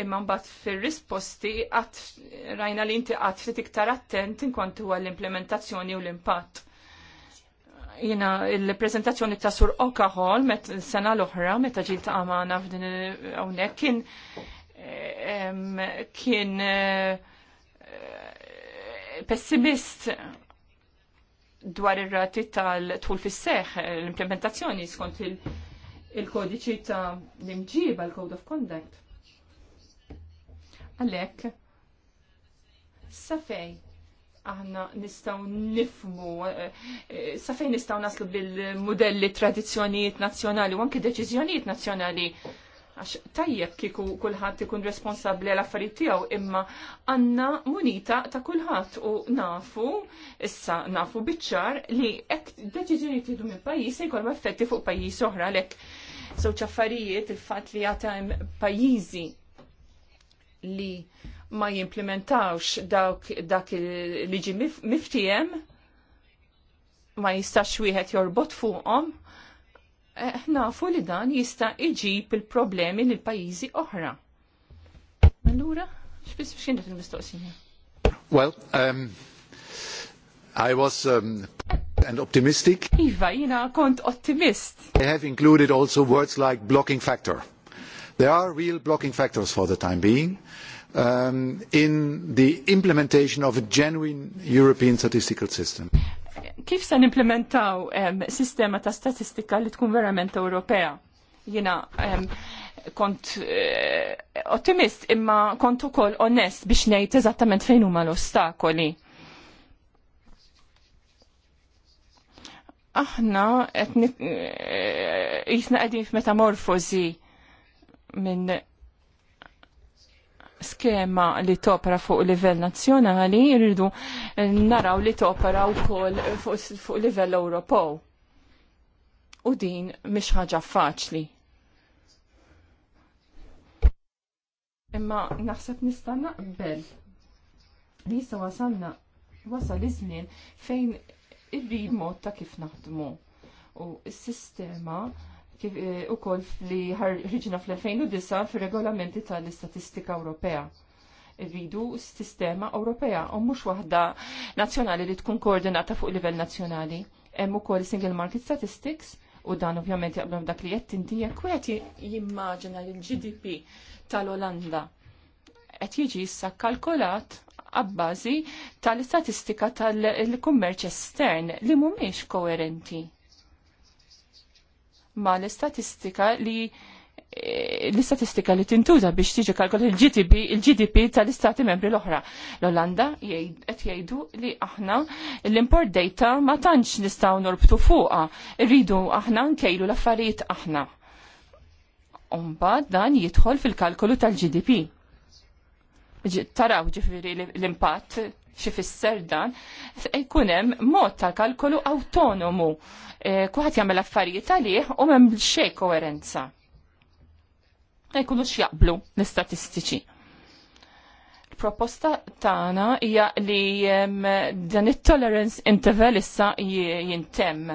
imma mbagħad fir-risposti qatt rajna li inti qatt trid iktar attent huwa l implementazzjoni u l-impatt. Jina il-prezentazzjoni ta' Sur Okahol met sena l-oħra meta ġil ta' għamana f'din hawnhekk kien kien eh, pessimist dwar ir-rati tal-tul fis-seħ l-implementazzjoni skont il-kodiċi ta' l-imġiba l-Code of Conduct Għalek, safej, aħna nistaw nifmu, eh, safej nistaw naslu bil-modelli tradizjonijiet nazjonali u anki deċizjonijiet nazjonali. Għax tajjeb kiku kullħat ikun responsabli għal affarijiet tiegħu imma għandna munita ta' kulħadd u nafu issa nafu biċċar li hekk deċiżjonijiet jiddu minn pajjiż se jkollhom effetti fuq pajjiż oħra għalhekk żewġ affarijiet il-fatt li għata pajjiżi li ma jimplementawx dawk dak li ġi miftijem ma jistax wieħed jorbot fuqhom, eh, nafu li dan jista' iġib il-problemi lil pajjiżi oħra. Allura, x'bis x'indet il-mistoqsija? Well, um, I was um, and optimistic. Iva, jina kont ottimist. I have included also words like blocking factor. There are real blocking factors for the time being um, in the implementation of a genuine European statistical system. Kif se nimplementaw um, sistema ta' statistika li tkun verament Ewropea? Jina, um, kont uh, ottimist imma kont ukoll onest biex ngħid eżattament fejn huma l-ostakoli. Aħna qed eh, qegħdin f'metamorfożi minn skema li topra fuq livell nazzjonali, rridu naraw li topra wkoll fuq, fuq livell Ewropew. U din mhix ħaġa faċli. Imma naħseb nista' naqbel li wasanna wasalna wasal iż-żmien fejn irrid mod ta' kif naħdmu. U s-sistema kif eh, kol li ħarġina fl-2009 fir-regolamenti tal-istatistika Ewropea. Rridu sistema Ewropea u mhux waħda nazzjonali li tkun koordinata fuq livell nazzjonali. Hemm ukoll Single Market Statistics u dan ovvjament jaqblu dak li qed inti jekk wieħed jimmaġina li l GDP tal-Olanda qed jiġi issa kalkolat għabbażi tal-istatistika tal-kummerċ estern li mhumiex koerenti ma l-istatistika li eh, l-istatistika li tintuża biex tiġi kalkolat il-GDP il-GDP tal-istati membri l-oħra. L-Olanda qed jgħidu li aħna l-import data ma tantx nistgħu norbtu fuqha, rridu aħna nkejlu l-affarijiet aħna. Umba dan jidħol fil-kalkolu tal-GDP. Taraw ġifieri l-impatt xifisser dan, jkunem hemm mod tal-kalkolu autonomu. Eh, Kuħat jagħmel affarijiet għalih u hemm xejn koerenza. Jkunux jaqblu l-istatistiċi proposta tagħna hija li dan it-tolerance interval issa jintemm.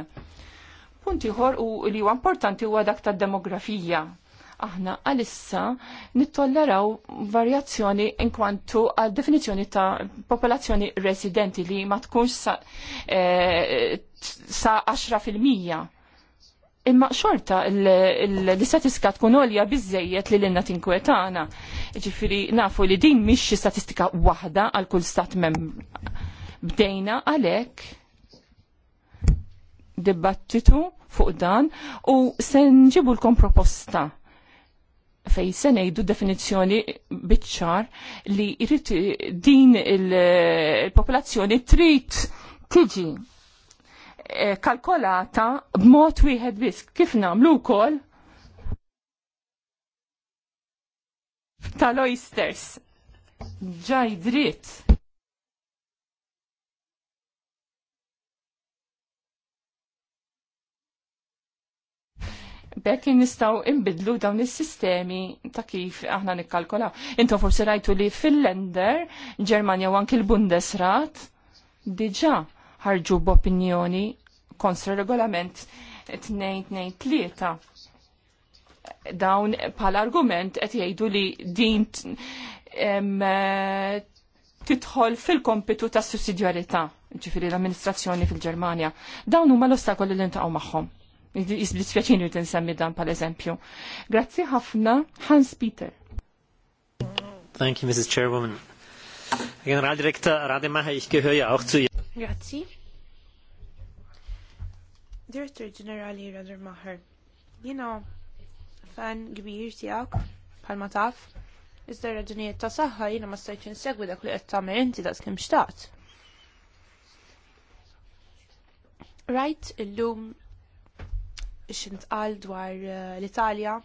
Punt ieħor u li huwa importanti huwa dak tad-demografija aħna għalissa nittolleraw varjazzjoni inkwantu għal definizjoni ta' popolazzjoni residenti li ma tkunx sa, 10 eh, sa 10%. Imma xorta l-istatistika tkun olja bizzejiet li l-inna tinkwetana. Ġifiri nafu li din miex statistika wahda għal kull stat mem bdejna għalek dibattitu fuq dan u se nġibulkom proposta fej se ngħidu definizzjoni biċċar li jrid din il-popolazzjoni eh, trid tiġi eh, kalkolata b'mod wieħed biss kif nagħmlu wkoll tal-oysters ġaj dritt bekk nistaw imbidlu dawn is-sistemi ta' kif aħna nikkalkolaw. Intom forsi rajtu li fil-lender, Ġermanja u anki l-Bundesrat, diġà ħarġu b'opinjoni kontra regolament 223 dawn pal argument qed jgħidu li din titħol fil-kompitu tas sussidjarità ġifiri l-amministrazzjoni fil-Ġermanja. Dawn huma l-ostakoli li ntaqgħu magħhom. Jisbispjaċini li nsemmi dan pal eżempju. Grazzi ħafna, Hans Peter. Thank you, Mrs. Chairwoman. Generaldirektor Rademacher, ich gehör ja auch zu ihr. Grazzi. Direttur Ġenerali Rademacher, jina fan kbir tiegħek bħalma taf, iżda raġunijiet ta' saħħa jiena ma stajtx insegwi dak li qed tagħmel inti daqs kemm xtaqt. il-lum x'intqal dwar eh, l-Italja.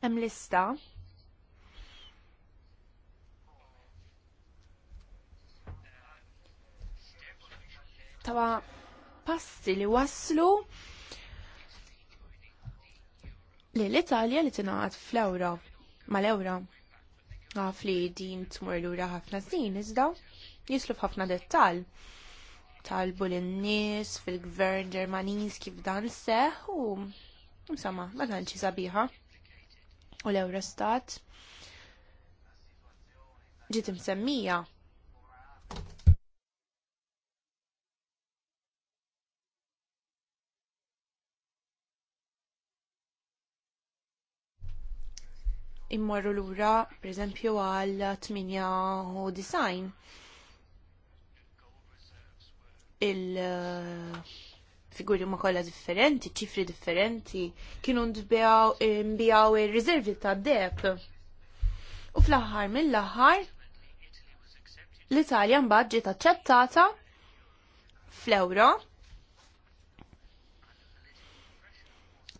Hemm lista ta' passi li waslu li l-Italja li tingħaqad fl-ewra mal-ewra naf li din tmur lura ħafna snin iżda jislu f'ħafna dettal talbu l nies fil-gvern Ġermaniż kif dan seħ u insomma ma tantx sabiħa u l-Eurostat ġiet imsemmija immorru lura pereżempju għal 98 il-figuri eh, ma kolla differenti, ċifri differenti, kienu nbijaw ir rizervi ta' deb. U fl-aħħar mill-aħħar l-Italja mbagħad ta' aċċettata fl-ewro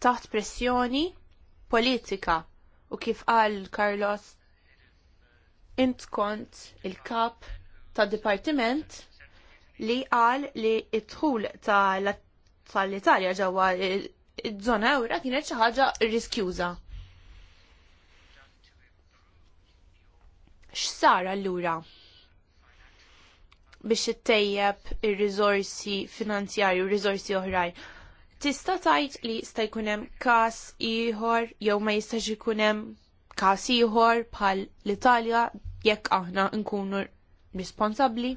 taħt pressjoni politika u kif qal Carlos int kont il-kap ta' dipartiment li qal li id-dħul tal-Italja ġewwa iż-żona ewra kienet xi ħaġa riskjuża. X'sar allura? biex ittejjeb ir-riżorsi finanzjarji u riżorsi oħrajn tista' tajt li jista' jkun hemm każ ieħor jew ma jistax ikun hemm każ ieħor bħal l-Italja jekk aħna nkunu responsabbli?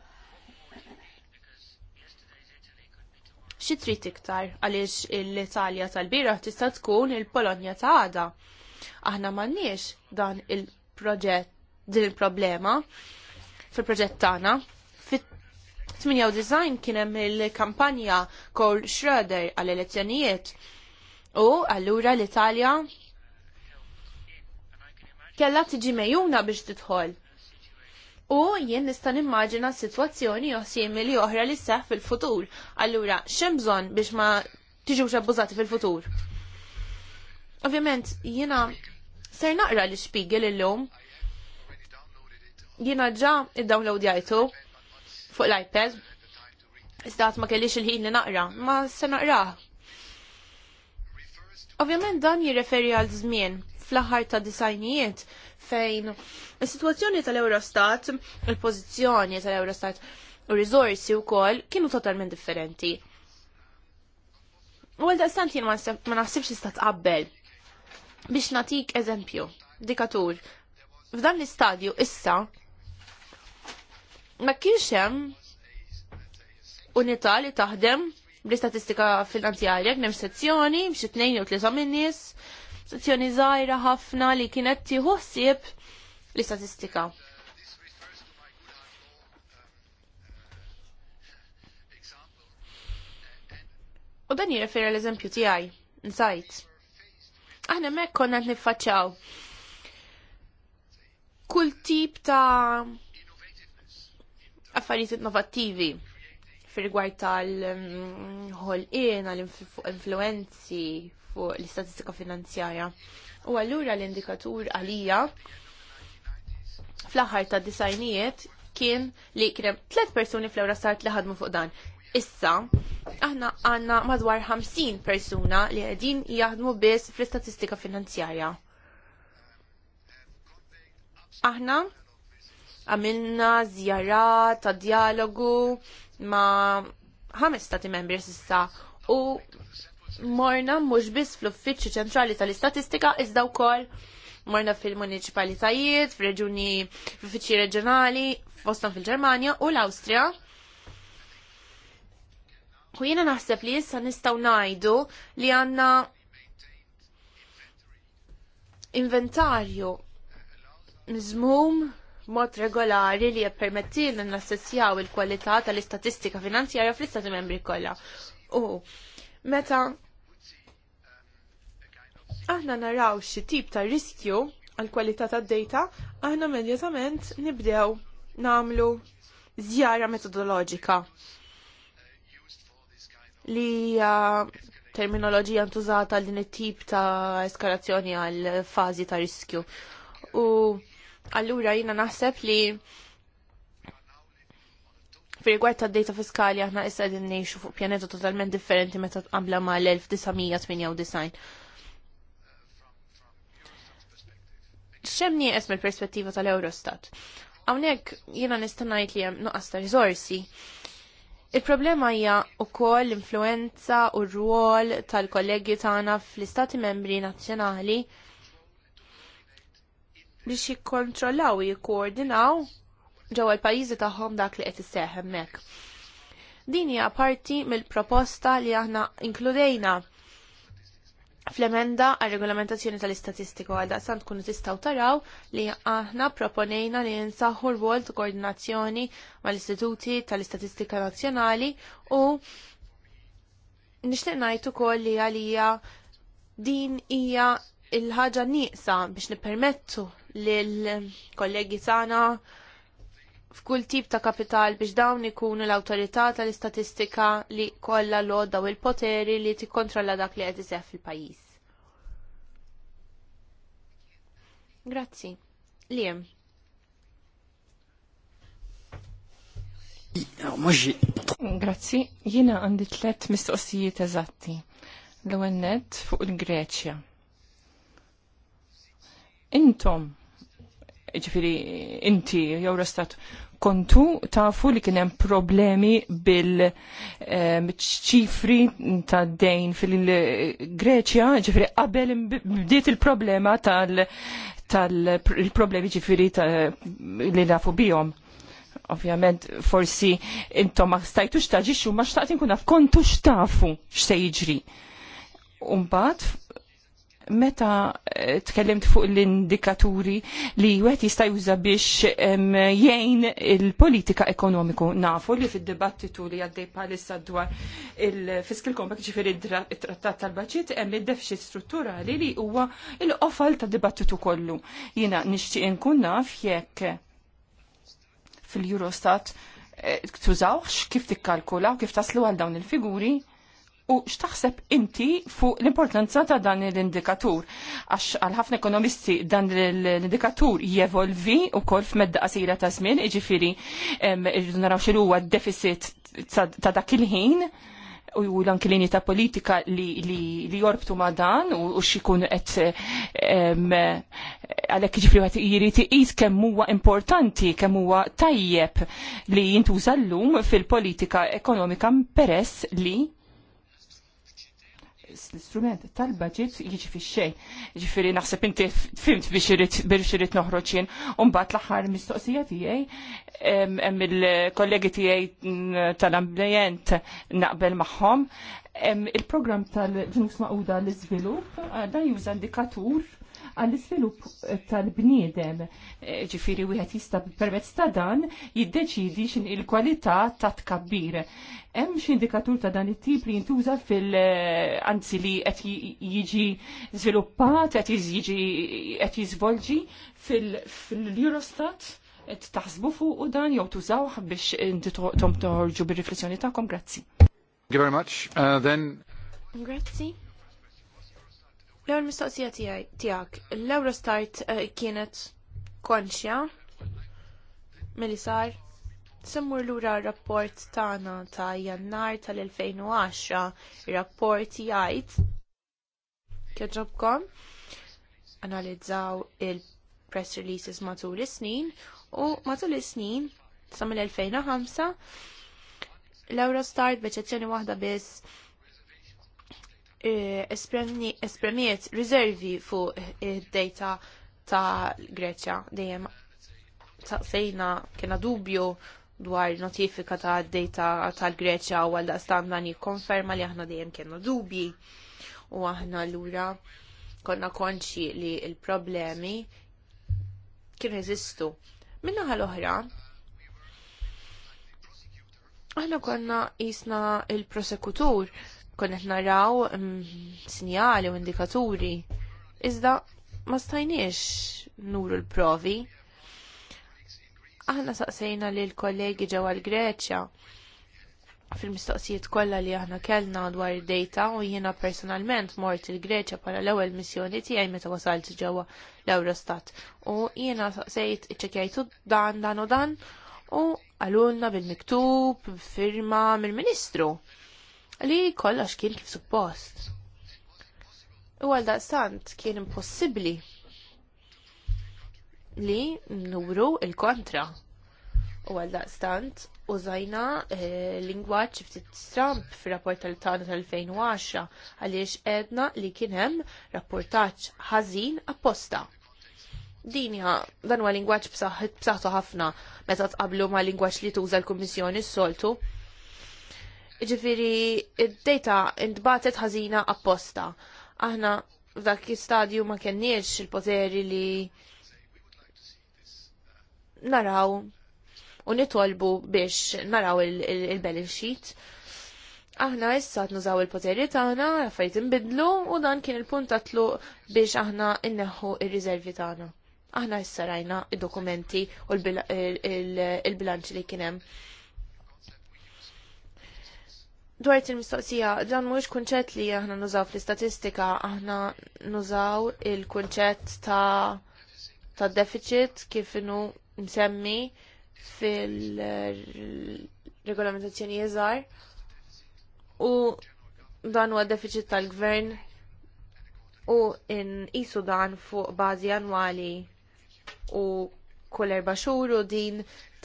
Xi trid iktar għaliex l-Italja tal-bira tista' tkun il-Polonja ta' għada. Aħna m'għandniex dan il-proġett din il-problema fil-proġett tagħna design kien hemm il-kampanja Kohl Schroeder għall-elezzjonijiet u allura l-Italja kellha tiġi mejuna biex tidħol. U jien nista' nimmaġina sitwazzjoni li oħra li seħ fil-futur. Allura x'em bżonn biex ma tiġux abbużati fil-futur? Ovvjament jiena ser naqra l il illum jiena ġa id-downloadjajtu fuq l-iPad. Istat ma kellix il-ħin li naqra, ma se naqrah. Ovvjament dan jirreferi għal żmien fl-aħħar ta' disajnijiet fejn is-sitwazzjoni tal-Eurostat, il-pożizzjoni tal-Eurostat u riżorsi wkoll kienu totalment differenti. U għalda stant jien ma naħsibx tista' tqabbel. Biex natik eżempju, dikatur, f'dan l-istadju issa ma kienx hemm unità li taħdem bl-istatistika finanzjarja, kien hemm sezzjoni b'xi tnejn jew tlieta min-nies, sezzjoni żgħira ħafna li kienet tieħu ħsieb l-istatistika. U dan jirreferi l-eżempju tiegħi, nsajt. Aħna mekk konna nifaċċaw kull tip ta' affarijiet innovattivi fil-rigward tal-ħolqien, għal-influenzi fuq l-istatistika finanzjarja. U allura l-indikatur għalija fl-aħħar ta' disajnijiet kien li krem tlet persuni fl-ewra sart li ħadmu fuq dan. Issa, aħna għanna madwar 50 persuna li għedin jaħdmu biss fl-istatistika finanzjarja. Aħna għamilna zjara ta' dialogu ma' ħames stati membri sissa u morna mhux biss fl-uffiċċju ċentrali tal-istatistika iżda wkoll morna fil-municipalitajiet, f'reġuni f'uffiċċji reġjonali, fostom fil-Ġermanja u l-Awstrija. U jiena naħseb li issa nistgħu ngħidu li għandna inventarju mżmum mod regolari li jippermettilna nassessjaw il-kwalità tal-istatistika finanzjarja fl-istati membri kollha. U meta aħna naraw xi tip ta' riskju għal kwalità tad-data, aħna immedjatament nibdew namlu żjara metodoloġika li uh, terminoloġija ntużata għal din it-tip ta' eskalazzjoni għal fażi ta' riskju. U Allura jina naħseb li fi rigward ta' data fiskali aħna issa qegħdin ngħixu fuq pjaneta totalment differenti meta tqabla ma' l-1998. ċemni esm mill perspettiva tal-Eurostat? Għawnek nista' nistanajt li hemm nuqqas ta' rizorsi. Il-problema hija wkoll l-influenza u r-rwol tal-kollegi tagħna fl-istati membri nazzjonali biex jikkontrollaw u jikkoordinaw ġewwa l-pajjiżi tagħhom dak li qed isseħħ hemmhekk. Din hija parti mill-proposta li aħna inkludejna fl-emenda għal regolamentazzjoni tal-istatistiku għal daqsan tkunu tistaw taraw li aħna proponejna li jinsaħħu l-wol koordinazzjoni mal-istituti tal-istatistika nazzjonali u nishtiq ngħid ukoll li għalija din hija il-ħaġa nieqsa biex nippermettu lill-kollegi tagħna f'kull tip ta' kapital biex dawn ikunu l-awtorità tal-istatistika li kollha l-għodda u l-poteri li tikkontrolla dak li qed iseħħ fil-pajjiż. Grazzi. Liam. Grazzi, jina għandi tlet mistoqsijiet eżatti. L-għennet fuq il-Greċja Intom, ġifiri, inti, jew restat, kontu tafu li kienem problemi bil-ċifri eh, ta' dejn fil-Greċja, ġifiri, qabel bdiet il-problema tal-problemi ġifiri li nafu bijom ovvjament forsi intom ma stajtux taġixxu ma xtaqt kuna kontu xtafu x'se jiġri. Umbat meta eh, tkellimt fuq l-indikaturi li wieħed jista' juża biex jgħin il-politika ekonomiku nafu li fid-dibattitu li għaddej bħalissa dwar il-fiscal compact ġifieri it-trattat tal-baċit hemm id-deficit strutturali li huwa l-qofal ta' dibattitu kollu. Jiena nixtieq inkun naf jekk fil-Eurostat eh, tużawx kif tikkalkula u kif taslu għal dawn il-figuri U x'taħseb inti fuq l-importanza ta' dan l-indikatur? Għax għal ħafna ekonomisti dan l-indikatur jevolvi u kol f'medda qasira ta' żmien, iġifieri naraw xi huwa d-deficit ta' dak il-ħin u l-anki ta' politika li, li, li jorbtu ma' dan u xikun qed għalhekk ġifri għat jirid iqis kemm huwa importanti, kemm huwa tajjeb li jintuża llum fil-politika ekonomika peress li l-istrument tal-budget jiġi fi xej. Ġifiri naħseb inti fimt biex irrit noħroġ jien. Umbat l-aħħar mistoqsija tiegħi emm il-kollegi tijaj mm, tal-ambjent naqbel magħhom. Il-programm tal-ġnus maquda l-iżvilupp da juża indikatur għall-iżvilupp tal-bniedem. E, ġifiri wieħed jista' permezz ta' dan jiddeċidi xin il-kwalità ta' tkabbir. Hemm xi indikatur ta' dan it-tip li jintuża fil- e, anzi li qed jiġi żviluppat, qed jiġi qed jiżvolġi fil-Eurostat qed taħsbu fuq u dan jew tużawh biex inti toħorġu bir-riflessjoni tagħkom. Grazzi. Thank you very much. Uh, then... Grazzi. L-ewwel mistoqsija tiegħek, l-Eurostart eh, kienet konxja milli sar semmur lura r-rapport tagħna ta' Jannar tal-2010, ir-rapport jgħid kieġobkom analizzaw il-press releases matul is-snin u matul is-snin sa mill-2005 l-Eurostart b'eċezzjoni waħda biss Eh, espremiet riservi fuq id-data eh, ta' Greċja dejjem taqsejna kena dubju dwar notifika ta' data tal-Greċja u għal ni jikkonferma li aħna dejjem kena dubji u aħna l-ura konna konċi li il-problemi kien jeżistu. Minna l-oħra, aħna konna jisna il-prosekutur konnet naraw mm, sinjali u indikaturi. Iżda ma stajniex nuru l-provi. Aħna saqsejna li l-kollegi ġew l-Greċja fil-mistoqsijiet kollha li aħna kellna dwar id-dejta u jiena personalment mort il-Greċja bħala l-ewwel missjoni tiegħi meta wasalt ġewwa l-Eurostat. U jiena saqsejt iċċekjajtu dan dan u dan u għalulna bil-miktub firma mill-Ministru li kollox kien kif suppost. U għal sant kien impossibli li nuru il-kontra. U għal daqstant użajna eh, lingwaċ ftit Trump fir-rapport tal-tana tal-2010 għaliex edna li kien hemm rapportaċ ħażin apposta. Dinja, dan huwa lingwaċ b'saħħtu ħafna meta tqablu ma' lingwaċ li tuża l-Kummissjoni s-soltu. Ġifiri, id-data intbatet ħażina apposta. Aħna f'dak il-stadju ma kenniex il-poteri li naraw u nitolbu biex naraw il-balance sheet. Aħna issa nużaw il-poteri tagħna, affarijiet imbidlu u dan kien il-punt tatlu biex aħna inneħħu ir-riservi tagħna. Aħna issa rajna id-dokumenti u il-bilanċ li kien hemm. Dwar il-mistoqsija, dan mhux kunċett li aħna nużaw fl-istatistika, aħna nużaw il-kunċett ta' ta' deficit kif inu msemmi fil-regolamentazzjoni jeżar u dan huwa deficit tal-gvern u in isu dan fuq bażi annwali u kull erba' xhur u din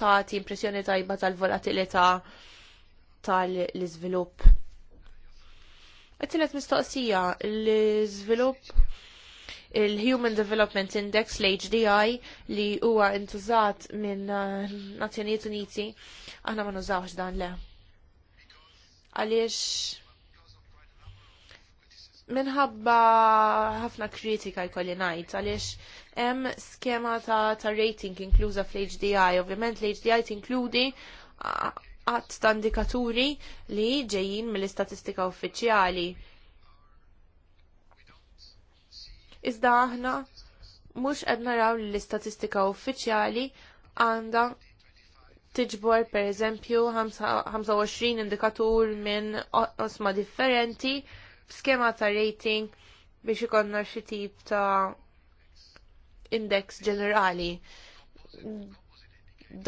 tagħti impressjoni tajba tal-volatilità tal-iżvilupp. Għattilet mistoqsija, l-iżvilupp il-Human Development Index, l-HDI, li huwa intużat minn eh, Nazzjonijiet Uniti, aħna ma nużawx dan le. Għaliex minħabba ħafna kritika jkolli ngħid għaliex hemm skema ta', ta rating inkluża fl-HDI, ovvjament l-HDI tinkludi qatt ta' indikaturi li ġejjin mill-istatistika uffiċjali. Iżda aħna mhux qed naraw li l-istatistika uffiċjali għandha tiġbor pereżempju 25 indikatur minn osma differenti b'skema ta' rating biex ikonna xi tip ta' index ġenerali.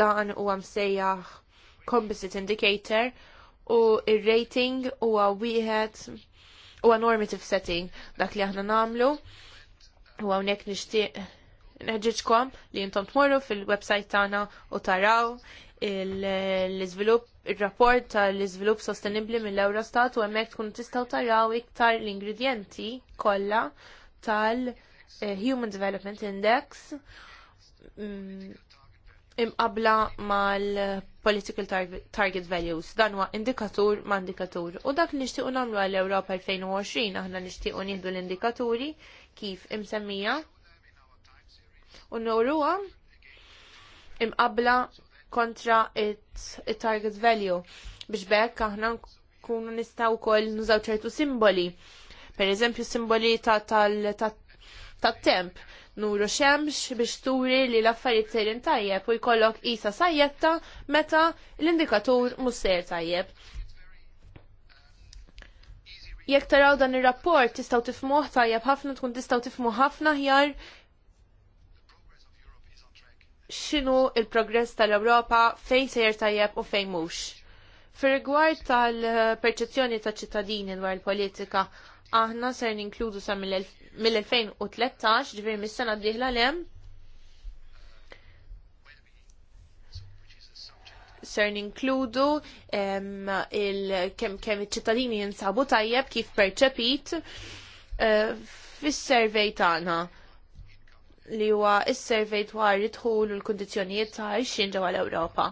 Dan huwa msejjaħ composite indicator u il rating huwa wieħed huwa normative setting dak li aħna namlu u hawnhekk nixtieq neħġiġkom li jintom tmorru fil-website tagħna u taraw il-izvilup ir-rapport tal-iżvilupp sostenibbli mill-Eurostat u għemmek tkun tistgħu taraw iktar l-ingredjenti kollha tal-Human Development Index mm, imqabla mal-political target values. Dan huwa indikatur ma' indikatur. U dak li nixtiequ nagħmlu għall Ewropa 2020 aħna nixtiequ nieħdu l-indikaturi kif imsemmija u nurruha imqabla kontra it-target value biex bekk aħna nkunu nistgħu wkoll nużaw ċertu simboli. Per eżempju simboli ta' tal-temp. Ta, ta, ta, nuru xemx biex turi li l-affarijiet sejrin tajjeb u jkollok isa sajjetta meta l-indikatur mhux sejr tajjeb. Jekk taraw dan ir-rapport tistaw tifmuh tajjeb ħafna tkun tistaw tifmuħ ħafna ħjar x'inhu il-progress tal-Ewropa fejn sejr tajjeb u fejn mhux. Fir-rigward tal-perċezzjoni ta' ċittadini dwar il-politika, aħna ser ninkludu sa mill-2013, ġifiri mis-sena d-dihla lem, ser ninkludu kemm iċ-ċittadini jinsabu tajjeb kif perċepit eh, fis-servej tagħna li huwa s-servej dwar idħul u l-kundizzjonijiet ta' għajxin ġewwa l-Ewropa.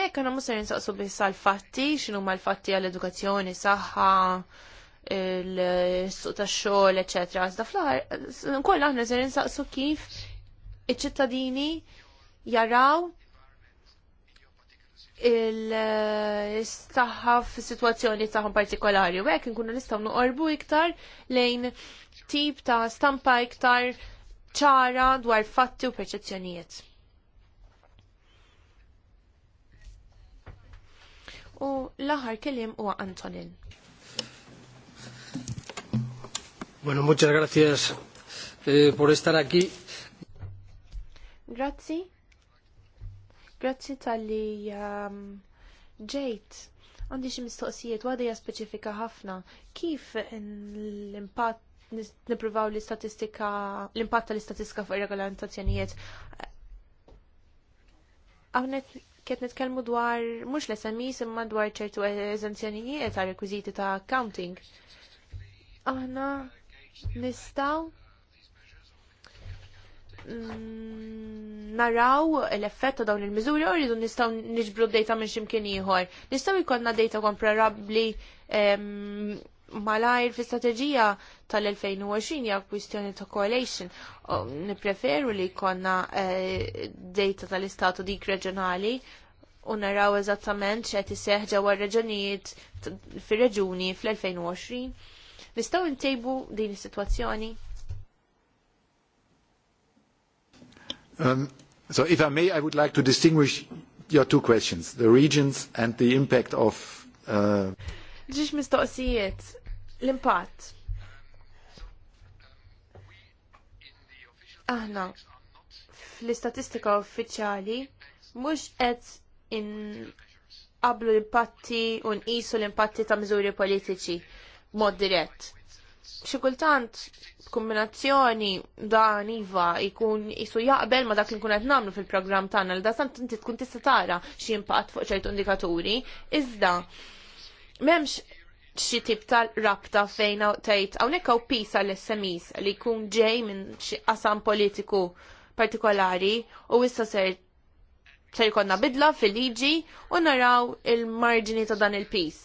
Mek għana ser nsaqsu biss għal-fatti, xinu ma l-fatti għal-edukazzjoni, saħħa, il-suq ta' xogħol, eċetera. Iżda fl-aħħar nkoll aħna se ninsaqsu kif iċ-ċittadini jaraw il-staħħa f-situazzjoni taħħom partikolari. U għek nkunu nistaw nuqorbu iktar lejn tip ta' stampa iktar ċara dwar fatti u perċezzjonijiet. U l aħħar kelim huwa Antonin. Bueno, muchas gracias eh, por estar aquí. Grazzi. Grazzi tal-li um, ġejt. Għandi xi mistoqsijiet għadija speċifika ħafna. Kif l-impatt nipruvaw l-istatistika, l-impatt tal-istatistika fuq ir-regolamentazzjonijiet. Għavnet kiet nitkellmu dwar mhux l smis imma dwar ċertu eżenzjonijiet għal rekwiżiti ta' accounting. Aħna nistaw mm, naraw l-effett ta' dawn il-miżuri u rridu nistgħu niġbru d-dejta minn x'imkien ieħor. Nistgħu jkollna dejta komparabbli malajr fi strategija tal-2020 hija kwistjoni ta' correlation. Nippreferu li jkollna eh, dejta tal-istatu dik reġjonali u naraw eżattament t iseħħ ġewwa reġunijiet fir-reġuni fl-2020 Nistgħu ntejbu din is-sitwazzjoni? Um, so if I may, I would like to distinguish your two questions, the regions and the impact of... Uh, Ġiġ mistoqsijiet, l-impatt. Aħna, fl-istatistika uffiċjali, mhux qed in qablu l-impatti u nqisu l-impatti ta' miżuri politiċi mod dirett. Xi kultant kombinazzjoni dan iva jkun isu jaqbel ma dak li nkun qed nagħmlu fil-programm tagħna li dasant inti tkun tista' tara xi impatt fuq ċertu indikaturi, iżda m'hemmx xi tip ta' rabta fejn tgħid hawnhekk hawn pisa l-SMEs li jkun ġej minn xi qasam politiku partikolari u issa ser ser jkollna bidla fil-liġi u naraw il-marġini ta' dan il-pis.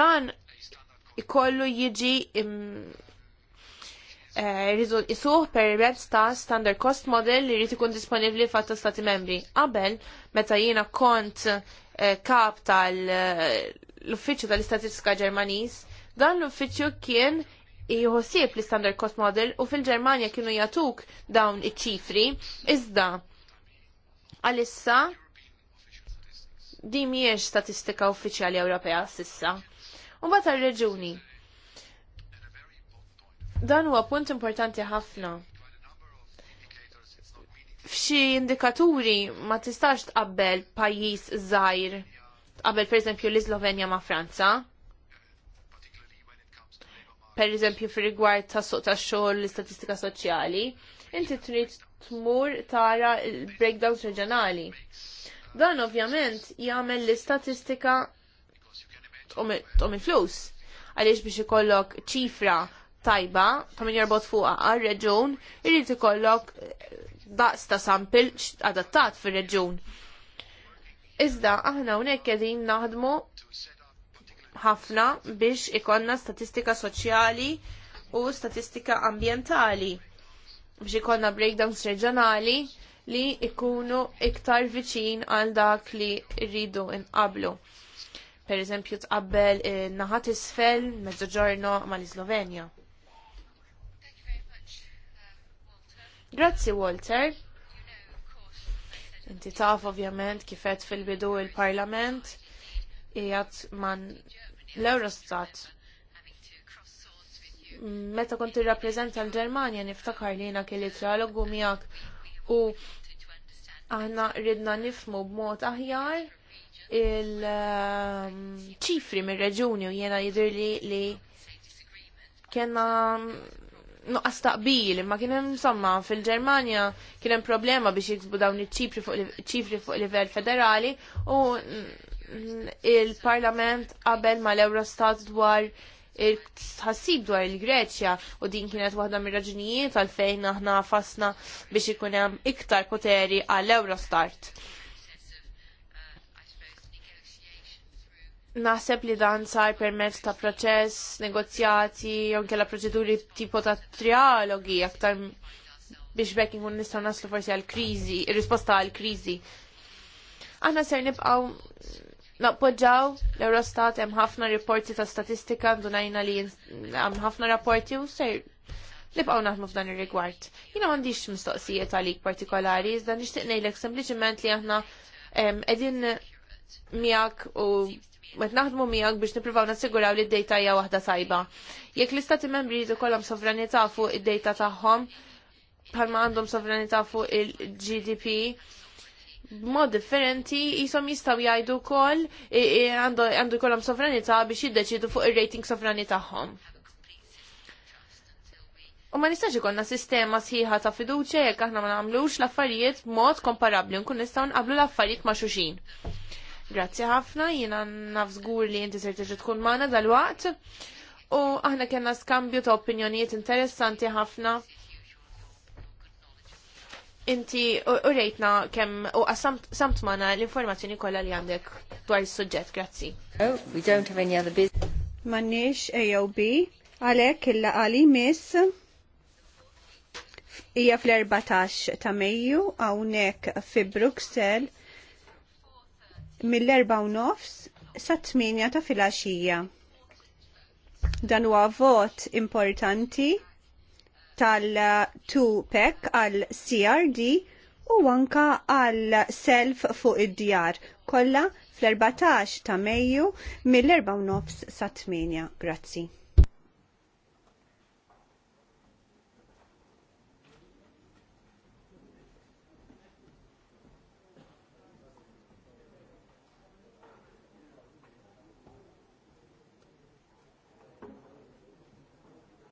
Dan ikollu jiġi eh, rizul isuħ per red ta' standard cost model li rrit ikun disponibli fatt ta' stati membri. Qabel, meta jiena kont eh, kap tal-uffiċċju eh, tal-istatistika Ġermaniż, dan l-uffiċċju kien jħossib li standard cost model u fil-Ġermanja kienu jatuk dawn iċ-ċifri, iżda għalissa di miex statistika uffiċjali Ewropea sissa u bata r reġuni Dan huwa punt importanti ħafna. F'xi indikaturi ma tistax tqabbel pajjiż żgħir tqabbel pereżempju l-Islovenja ma' Franza. Pereżempju fir-rigward tas-suq tax-xogħol l-istatistika soċjali, inti trid tmur tara l breakdowns reġjonali. Dan ovvjament jagħmel l-istatistika tom il-flus. Għaliex biex ikollok ċifra tajba ta' min jorbot fuqa għal-reġun, irrid ikollok eh, daqs ta' sampil adattat fil-reġun. Iżda, aħna unek qegħdin naħdmu ħafna biex ikonna statistika soċjali u statistika ambientali biex ikonna breakdowns reġjonali li ikunu iktar viċin għal dak li rridu inqablu per eżempju tqabbel eh, naħat isfel mezzoġorno mal-Islovenja. Grazzi Walter. Inti taf ovvjament kifet fil-bidu il-Parlament jgħat man l-Eurostat. Meta kont rapprezenta l-Germania niftakar li jina kelli trialogu miegħek u aħna ridna nifmu b'mod aħjar il-ċifri mir reġuni u jena jidirli li kena nuqqas taqbil, ma kien hemm insomma fil-Ġermanja kien hemm problema biex jiksbu dawn iċ-ċifri fuq livell federali u il-Parlament qabel mal eurostat dwar il-tħassib dwar il-Greċja u din kienet waħda mir raġunijiet għalfejn aħna fasna biex ikun hemm iktar poteri għall-Eurostart. Naħseb li dan sar permezz ta' proċess, negozjati, jew kella proċeduri tipo ta' trialogi aktar biex bekk nkun nistgħu naslu forsi għal kriżi, risposta għal kriżi. Aħna ser nibqgħu naqpoġġaw, l-Eurostat hemm ħafna riporti ta' statistika ndunajna li hemm ħafna rapporti u ser nibqgħu naħdmu f'dan ir-rigward. Jiena m'għandix mistoqsijiet għalik partikolari, iżda nixtieq ngħidlek sempliċement li aħna qegħdin miegħek u met naħdmu miegħek biex nippruvaw nassiguraw li d-dejta hija waħda tajba. Jekk l-istati membri jridu kollhom sovranità fuq id-dejta tagħhom bħalma għandhom sovranità fuq il-GDP, b'mod differenti jisom jistaw jgħidu wkoll għandu jkollhom sovranità biex jiddeċidu fuq ir-rating sovrani tagħhom. U ma nistax ikollna sistema sħiħa ta' fiduċja jekk aħna ma nagħmlux l-affarijiet b'mod komparabbli nkun nistgħu nqablu l-affarijiet ma' xuxin. Grazzi ħafna, jiena nafżgur li inti sirti tiġi tkun magħna dal-waqt. U aħna kellna skambju ta' opinjonijiet interessanti ħafna. Inti u rejtna kemm u samt maħna l-informazzjoni kollha li għandek dwar is-suġġett, grazzi. Oh, we don't have any other business. M'għandniex AOB għalhekk illa għali miss hija fl-14 ta' Mejju hawnhekk fi Bruxelles mill-erba u nofs sa' tminja ta' filaxija. Dan huwa vot importanti tal-2PEC għal CRD u anka għal self fuq id-djar kolla fl-14 ta' Mejju mill-4 nofs sa' 8. Grazzi.